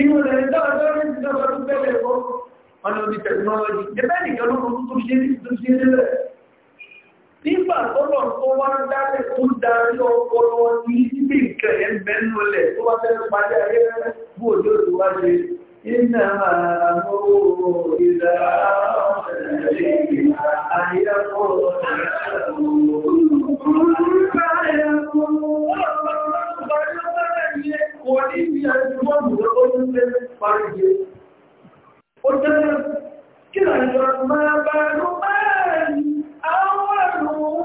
inú rẹ̀ dáadáa ní ìjọba tó bẹ̀rẹ̀ ẹ̀kọ́ ọ̀nà òbí tẹ̀kínọ́lọ́jì ẹgbẹ́ nìkan ló tó ṣe ní tó ṣe nílẹ̀ nígbà tó lọ tó wá dálẹ̀ tó darí ọpọlọ ní ibi nǹkan ẹ̀ mẹ́nu lẹ̀ tó wá fẹ́ parí ayé bó kò ní bí àjúmọ́nù lọ́wọ́ ní lẹ́lẹ́ paríje ó jẹ́lẹ́ kí àjọ máa bá ló báyìí àwọn àrùn òun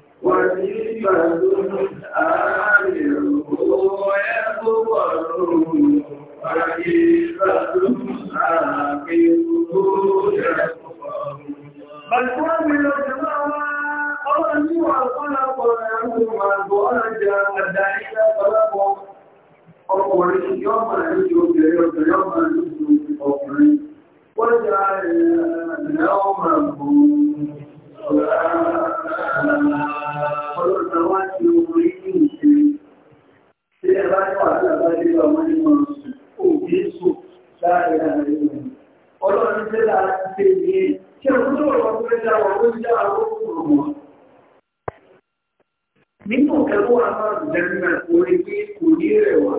وَذِيبَةٌ آمِرُ وَيَكْبَرُ وَذِيبَةٌ آمِرُ بل تعمل الجماعة أولي والخلق ويعلم والبؤرجة الدعيل خلقه ọkùnrin yọ́mà ní obìnrin ọ̀tọ̀ yọ́mà ní ọkùnrin wọ́n jẹ́ àìyàn ọmọ ọmọ Ọlọ́run you ti orí ní ìṣẹ́. Ṣé ẹ bá ní wàhálà bá dé bá wọn ní wọn sùn, kò bí sùn láàrin àárín wọn. Ọlọ́run ṣe láti ṣe ní ṣé òun tó rọ̀ pé dá wọn ó dá wọn kúrò wọn. Nínú ẹ̀kọ́ àbáàrùn jẹ́nà orí pé kò ní rẹ̀ wá.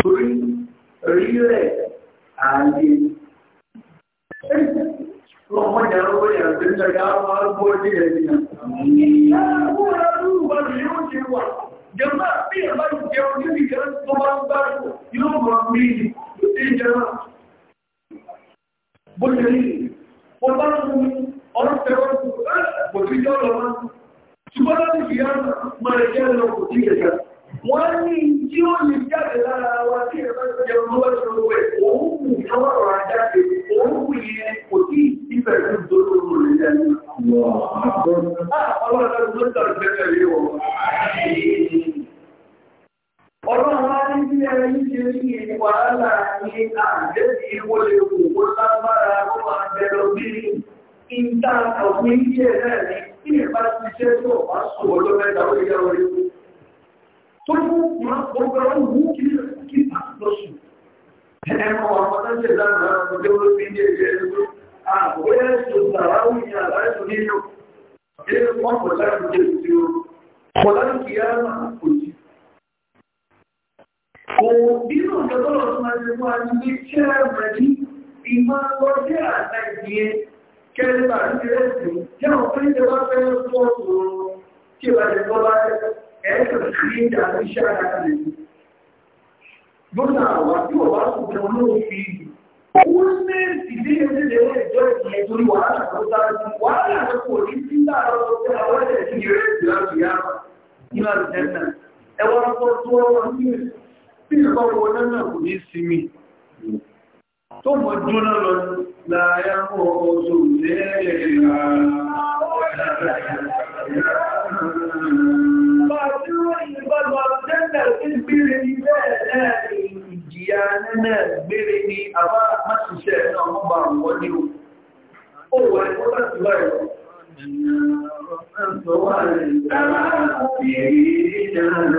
Torí rí rẹ̀ ààyè kuma yaro yanzu da gawar gobe ya yi nan. Kura duba da yau cewa, jama'a biya ba su yau gini kan kuma ba su yau ba mi ne jama'a. Bukari, ko ba su ọ̀rọ̀ tẹ̀wọ́ su, ẹ́ bọ̀tí jọ́ lọ́wọ́. Ṣùgbọ́n láti fi yára máa jẹ́ lọ́wọ́ sí ẹ̀ka wọ́n ní tí ó lè jáde lára wa tí ẹ̀fẹ́ tó jẹ òun kù lọ́wọ́ kò tí ìfẹ́ tó dóró ló lè jáde. Ah, ọlọ́run ló ń tọ̀rọ̀ bẹ́ẹ̀ lé wọ̀. Ọlọ́run wá ní bí ẹni ní ṣe ní ìlú wàhálà ní àjẹ́sí ìwó lè wò ó lágbára ó máa bẹ̀rẹ̀ bí ìta ọ̀gbìn díẹ̀ náà ní kí ìbá ti ṣe tó wá sùn ọjọ́ É que que हूँ no प्रश्न é uma forma de ajudar, ah, porque eu defendi Jesus, a resto da unha, a resto nível. Ele não pode ser eu vou dar um ama na coisa. O vino que todos os mais de uma indicação aqui, e uma coisa aqui, que ele está dizendo, que não tem que fazer o que vai decorar essa filha a enxergar dele. Do nada, aqui eu acho que é o meu filho. Os meses que vêm de Deus, dois meses, eu acho que eu estava com quatro anos por isso, ainda era o que ela olha de direito, e ela e na dizendo, ela aportou ela assim, filho, qual o olho não conhece-me. Toma dúna lọ láyé àwọn ọ̀sọ̀ lẹ́yìn àwọn ọ̀sọ̀ lẹ́yìn náà ń gbére ní bẹ́ẹ̀ láàrin ìjìyà náà gbére ní àbá máṣiṣẹ́ náà wọ́n bá wọ́n ní o. Ó wà ní láti wá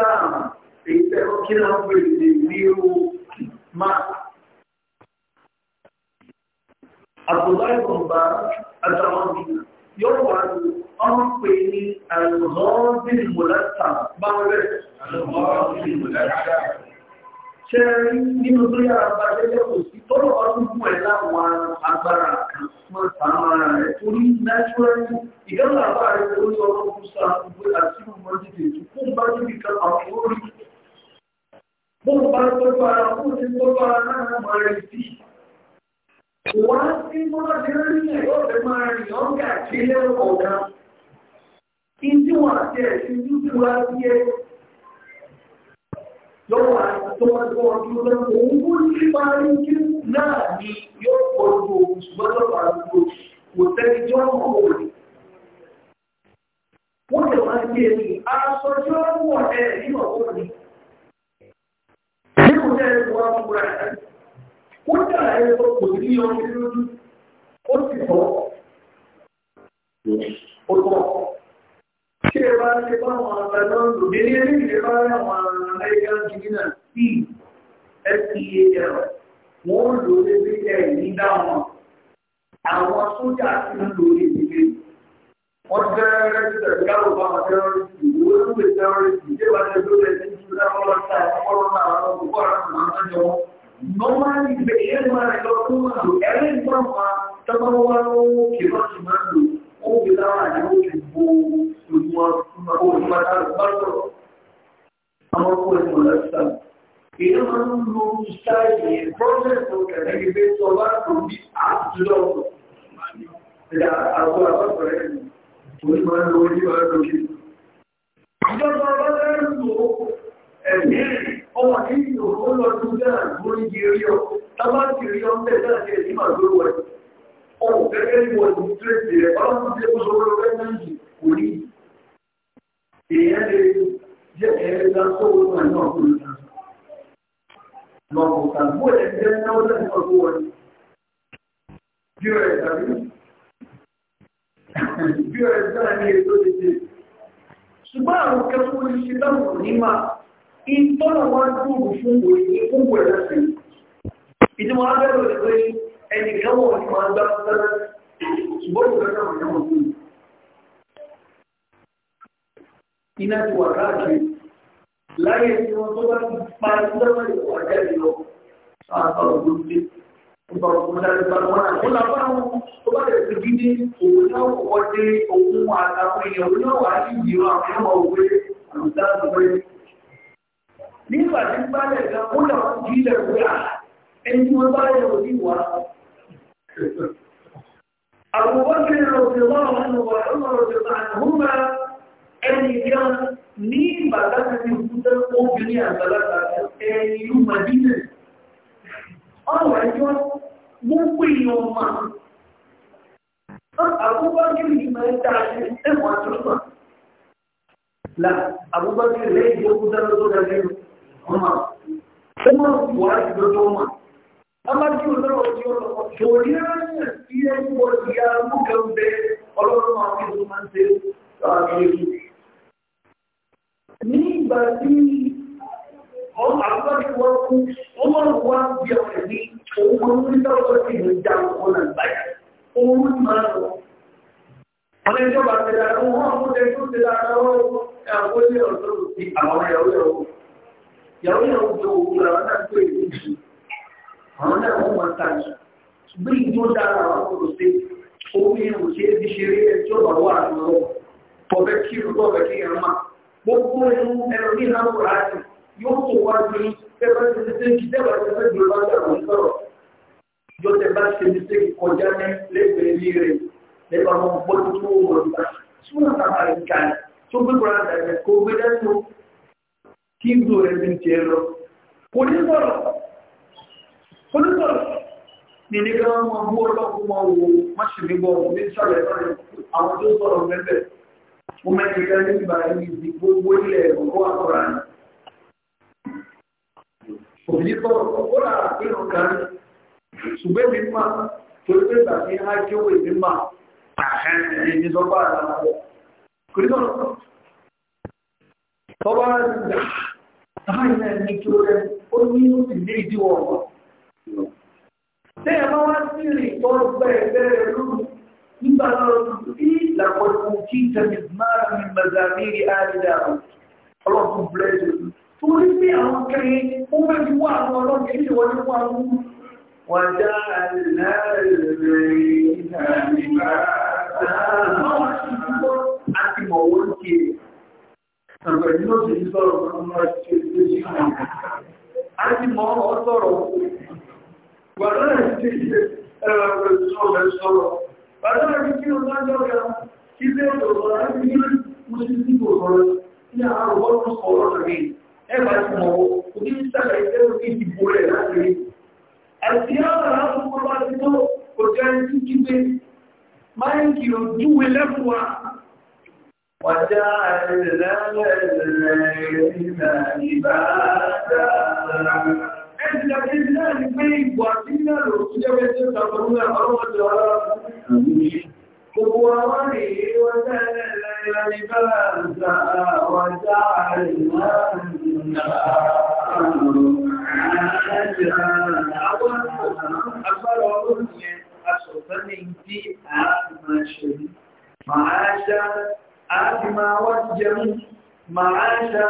Sham, èyí tẹ́kọ́ kí náà ń pèrè ní Ríro Mark. Abdullahi Bọ̀mbá àtàwọn ìgbìyàn yóò wà ní ọmọ pè ní àlùhọ́ọ́bìnrin mọ̀lẹ́ta báwẹ́rẹ́ àlùhọ́ọ́bìnrin mọ̀lẹ́ta ṣe rí nínú tó yára bá jẹ́jẹ́ kò sí tó lọ́wọ́ gbogbo ẹ̀ láwọn agbára kan máa sàmàrà rẹ̀ torí naturally ìdánwò àbá rẹ̀ tó sọ ọkùnrin sọ àgbègbè àti ìmọ̀ dìde tó kó bá níbi kan àwọn orí bó bá tọ́jú ara kó ti tọ́jú ara náà máa rẹ̀ sí wá sí mọ́lá ti rí ẹ̀yọ́ rẹ̀ máa rìn ọ́nkà kí lẹ́rọ̀ ọ̀gá ìdíwọ̀n àti ẹ̀sìn dúdú wá sí ẹ̀ yóò wà tó wọ́n tó wọ́n tó lọ òun ní parí kí náà ni yóò pọ̀ ju òun ṣùgbọ́n tó wà lóko kò tẹ́lẹ̀ tí wọ́n mọ̀ wò ní. wọ́n lè wá sí ẹni aṣọ tí wọ́n mú ọ̀rẹ́ rẹ̀ nínú ọ̀pọ̀ ni. nínú tẹ́ ẹni wọ́n mú ra ẹ̀ kó dà ẹ̀ lọ kò ní ọmọ lójú ó sì bọ̀ ó ṣe bá ṣe bá wọn àtàlọ́nù ní ilé ìṣe bá àwọn amẹ́ríkà jìnnà sí fpal wọ́n lò lé bí ẹ̀ ní dáwọn àwọn sójà ti ń lò lé bí lé wọ́n ti bẹ̀rẹ̀ rẹ́sítẹ̀ gáwó bá wọn tẹ́rọ̀rìsì ìwé tó lè tẹ́rọ̀rìsì ìdí wa ti ló lẹ̀ ní ìṣúná ọlọ́ta ọlọ́ta àwọn olùkọ́ ara tó máa ń jọ normally ìgbẹ́ ìyẹn máa lọ fún àwọn ẹ̀rẹ́ ìgbọ́n wa tọ́gbọ́n wa ó kì ó gbé láwọn àyẹ̀wò ìbò olùmọ̀tàlùbátọ̀rọ̀ àwọn ọkọ̀ ẹ̀mọ̀ lọ́sàn. èèyàn máa ń lo ìṣáàyè prọ́fẹ́sì ọ̀kẹ́rẹ́ ìgbé tó ọba tó bí àtúntò àwọn àbábọ̀rẹ́ ẹ̀mí onímọ̀ ń lo onímọ̀ ń lo kí. ìjọba ọba fẹ́ẹ́ lo ẹ̀mí ọmọ o gẹ́gẹ́ bí wọ́n ti tún o rẹ̀ bá wọ́n ti kó sọ́wọ́ lọ́wọ́ méjì kò ní. èèyàn lè jẹ́ ẹ̀rẹ́ não sọ́wọ́ náà o que é lọ́kọ̀ tàbí ẹ̀ jẹ́ náwó náà náà kó wọlé. bírẹ̀ tàbí bírẹ̀ sáà ní ètò ìdè. ṣùgbọ́n àwọn kẹ́kọ̀ọ́ ní ṣe o fundo é ìtọ́nà wọn dúró fún òye fún òye lẹ́sìn. ìdí ẹni kan wọ̀ ní máa gbá sẹ́lẹ̀ ṣùgbọ́n ìgbà náà wọ́n náà wọ́n iná ti wà káàkiri láyé tí wọ́n tó bá ti pa lọ́wọ́ ìwà jáde lọ sáàtọ̀ ọ̀gbọ́n tí nípa ọ̀gbọ́n dájú bá wọn náà wọ́n lápá wọn tó bá lè fi gidi òun náà kọ́kọ́ dé òun àtàwọn nígbà tí gbálẹ̀ gan ó làwọn jí ilẹ̀ wúrà ẹni tí wọ́n bá yẹ òní wà أبو بكر رضي الله عنه وعمر رضي الله عنهما ẹni tí wọ́n ní ìbàdàn ti fúnṣẹ́ obìnrin àgbàlagbà ẹni ìlú Madina ọ̀rọ̀ ẹjọ́ mú pé ìyàn mà àbúgbàgìrì ìmọ̀ ẹ̀ta ẹ̀wọ̀n àtúnṣà là àbúgbàgìrì lẹ́yìn tó kú dáná tó dájú ọmọ ọmọ ìwà ìdọ́jọ́ mà Ama diyorlar o diyorlar. Söyleyemezsin. Diye bu diyar bu kavde. Allah'ın mahfi zaman sevdi. Nígbà tí àwọn ìwọ̀n kú, ọmọ ìwà bí ọ̀rẹ́ ní òun ní lọ́wọ́ sí ìlú ìjà ọ̀nà ìbáyà, òun máa lọ. Àwọn ìjọba ti dára wọn, wọ́n tẹ́ tó ti dára wọn, ẹ̀kọ́ ní ọ̀tọ́ àwọn náà wọ́n máa ta ní ṣùgbọ́n ìdí tó dára àwọn olùsẹ́ omi òṣè ti ṣeré ẹjọ́ bàbá wà lọ́wọ́ bọ̀bẹ̀ kí irú bọ̀bẹ̀ kí ẹ̀rọ máa gbogbo ẹnu ẹ̀rọ ní ìlànà rà á yóò tó wá ní pẹ́pẹ́ ti ti tẹ́kì dẹ́gbà ti fẹ́ jùlọ bá dàrú sọ̀rọ̀ yóò tẹ bá ṣe ti tẹ́kì kọjá ní lẹ́gbẹ̀ẹ́ ní solúsọ̀rọ̀ ní ní kí wọ́n máa bú ọlọ́pù máa wo máṣìmí bọ̀ ní sọ̀rọ̀ ẹ̀rọ àwọn tó sọ̀rọ̀ mẹ́fẹ̀ mo mẹ́rin kẹ́ nígbà ìdí gbogbo ilẹ̀ ọ̀rọ̀ àkọ́rà ni òbí sọ̀rọ̀ kan ṣùgbẹ́ mi mà torí pé tàbí ájọ́wé mi mà àhẹ́ni sọ́pá àlàmọ́ kò ní sọ̀rọ̀ tọ́ba rẹ̀ ń gbà ó ní ó sì ní ìdíwọ̀ ọ̀rọ̀ Ṣé ẹ máa wá sí ìrìn tó ń gbẹ ẹgbẹ́ ẹlú nígbà lọ́rọ̀ sí ìlàkọ̀ọ̀kọ̀ kí ìjọba máa mi mẹ́ta ní àrídà ọlọ́run bẹ́ẹ̀ torí pé àwọn kẹrin ó fẹ́ fi wá àwọn ọlọ́run kì í ṣe wọlé fún àwọn wàjá guardare il figlio era la persona del solo. Guardare che io non gioca, chi vedo guardare il figlio, non si sicuro, io ho un buon scuola da lì. E va di nuovo, quindi sta creando che si vuole da lì. Al final l'altro combattuto, perché tutti i ma anche io due la ẹ̀jẹ̀ ilé ìgbé ìgbà tí náà lò tí jẹ́ wẹ́tí ìtàkùnrin àrọ́wọ́jọ́ ara gbogbo àwọn èyí wọ́n tẹ́lẹ̀ lẹ́yìn nígbàlá àjà àwọn àjà àìmọ́ àwọn agbára ọlọ́run yẹn aṣọ̀tọ́ ní ìdí àmà ṣèlú màá ṣá àti máa wá jẹun màá ṣá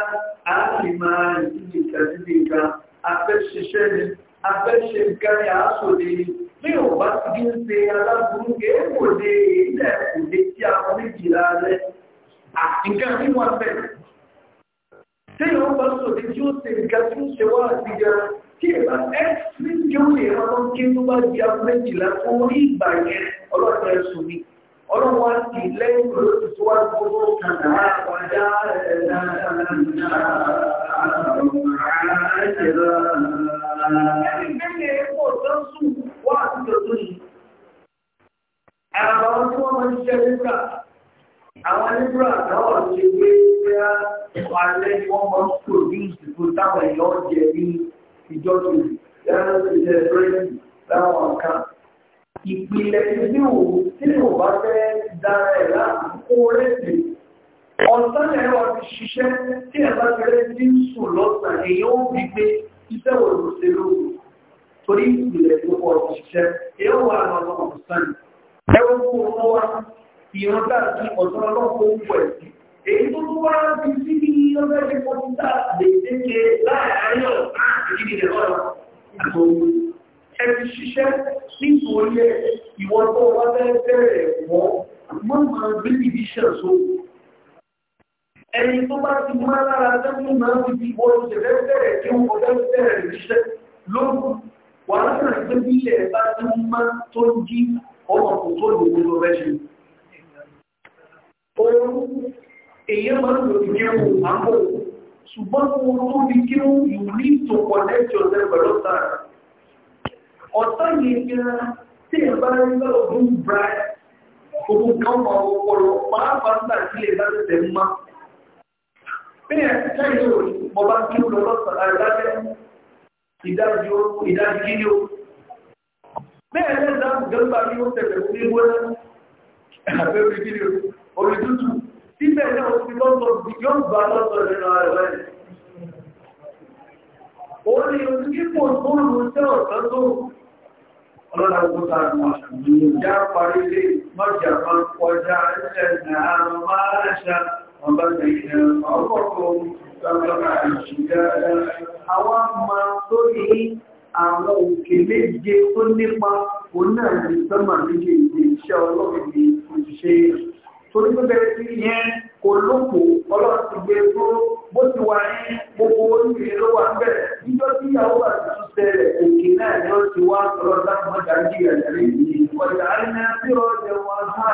àti máa ìdíje kàdídé kan afẹ́ ṣiṣẹ́ ni afẹ́ ṣe nǹkan ní àásòdè ni bí ò bá ti ń ṣe aláburú èèkò lè ilẹ̀ kò lè tí a wọn méjìlá rẹ̀ nǹkan tí wọ́n fẹ́. tí ò bá sòdè tí ó ṣe nǹkan tí ó ṣe wá àti jẹ kí ìgbà ẹ́sìn tí ó lè rán lọ́n kí ló bá di àwọn méjìlá fún orí ìgbà yẹn ọlọ́run ẹ̀sùn mi ọlọ́run wá sí lẹ́yìn olóòtú tó wá gbogbo kàdá wájá ẹ̀ẹ́dá Àwọn tí wọ́n máa ń ṣe nígbà, àwọn nígbà náà ṣe gbé pé alẹ́ wọ́n máa ń pòdúsì tó táwọn èèyàn jẹ ní ìjọ́sìn lẹ́yìn ìṣẹ́ bírẹ́sì láwọn kan. Ìpìlẹ̀ ìdíwò tí ò bá fẹ́ dára ẹ̀ láàkókò rẹ̀ ọ̀sán ẹ̀rọ ti ṣiṣẹ́ tí ẹ̀bá tẹ́rẹ́ tí ń sùn lọ́sàn èyàn ó bí gbé iṣẹ́ wò ló ṣe lóòrùn torí ìpìlẹ̀ tó pọ̀ ṣiṣẹ́ èyàn wà lọ́nà ọ̀sán ẹ̀rọ kó wọn wá ìran dáàbí ọ̀sán ọlọ́pọ̀ ń pọ̀ ẹ̀sìn èyí tó tó wá ti sí ní ọjọ́ ìṣẹ́ kọ́ńtà gbèdéke láàárín ọ̀sán àti ìdílé ọ̀rọ̀ àtọ́wọ́ ẹ ti ṣiṣẹ́ nítorí ìwọ́n tó wá fẹ́ bẹ̀rẹ̀ wọ́n mọ́ ẹni tó bá ti máa lára tẹ́kùn máa ń fi wọ́n ṣe lẹ́bẹ̀rẹ̀ tí wọ́n kọjá bẹ̀rẹ̀ ríṣẹ́ lóòrùn wà náà tó bí ilẹ̀ bá ti máa tó jí ọmọ kò tó lò gbogbo rẹ̀ṣẹ̀ oòrùn èyí máa ń lò ní kírun àpò ṣùgbọ́n mo tó bí kírun you need to connect yourself pẹ̀lú sára ọ̀tá yìí gan tí ẹ bá rí lọ́ọ̀dún bright gbogbo kan máa wọ́pọ̀lọ́ pàápàá nígbà tí ilẹ̀ bá tẹ̀ máa bẹ́ẹ̀ láìsí òní mo bá kí lọ lọ́sàn àìdájẹ́ ìdájú ìdájú kí ni ó bẹ́ẹ̀ lẹ́sà gẹ́gbà ní ó tẹ̀lẹ̀ fún ní gbọ́nà àbẹ́ orí kí ni ó orí tútù síbẹ̀ náà ó fi lọ́sọ̀ yóò gbà lọ́sọ̀ parí lé mọ́jà máa kọjá ẹ̀ṣẹ̀ náà máa ṣàtì وبدينا أمرهم سبع شجالا àwọn ọmọ sórí àwọn òkè méje tó nípa òun náà ní sọ́mà méje ìdè iṣẹ́ ọlọ́run ní òṣìṣẹ́ torí pé bẹ̀rẹ̀ sí yẹn kò lóko ọlọ́run ti gbé tó e bó ti wà ní gbogbo oríire ló wà ń jìyà jàre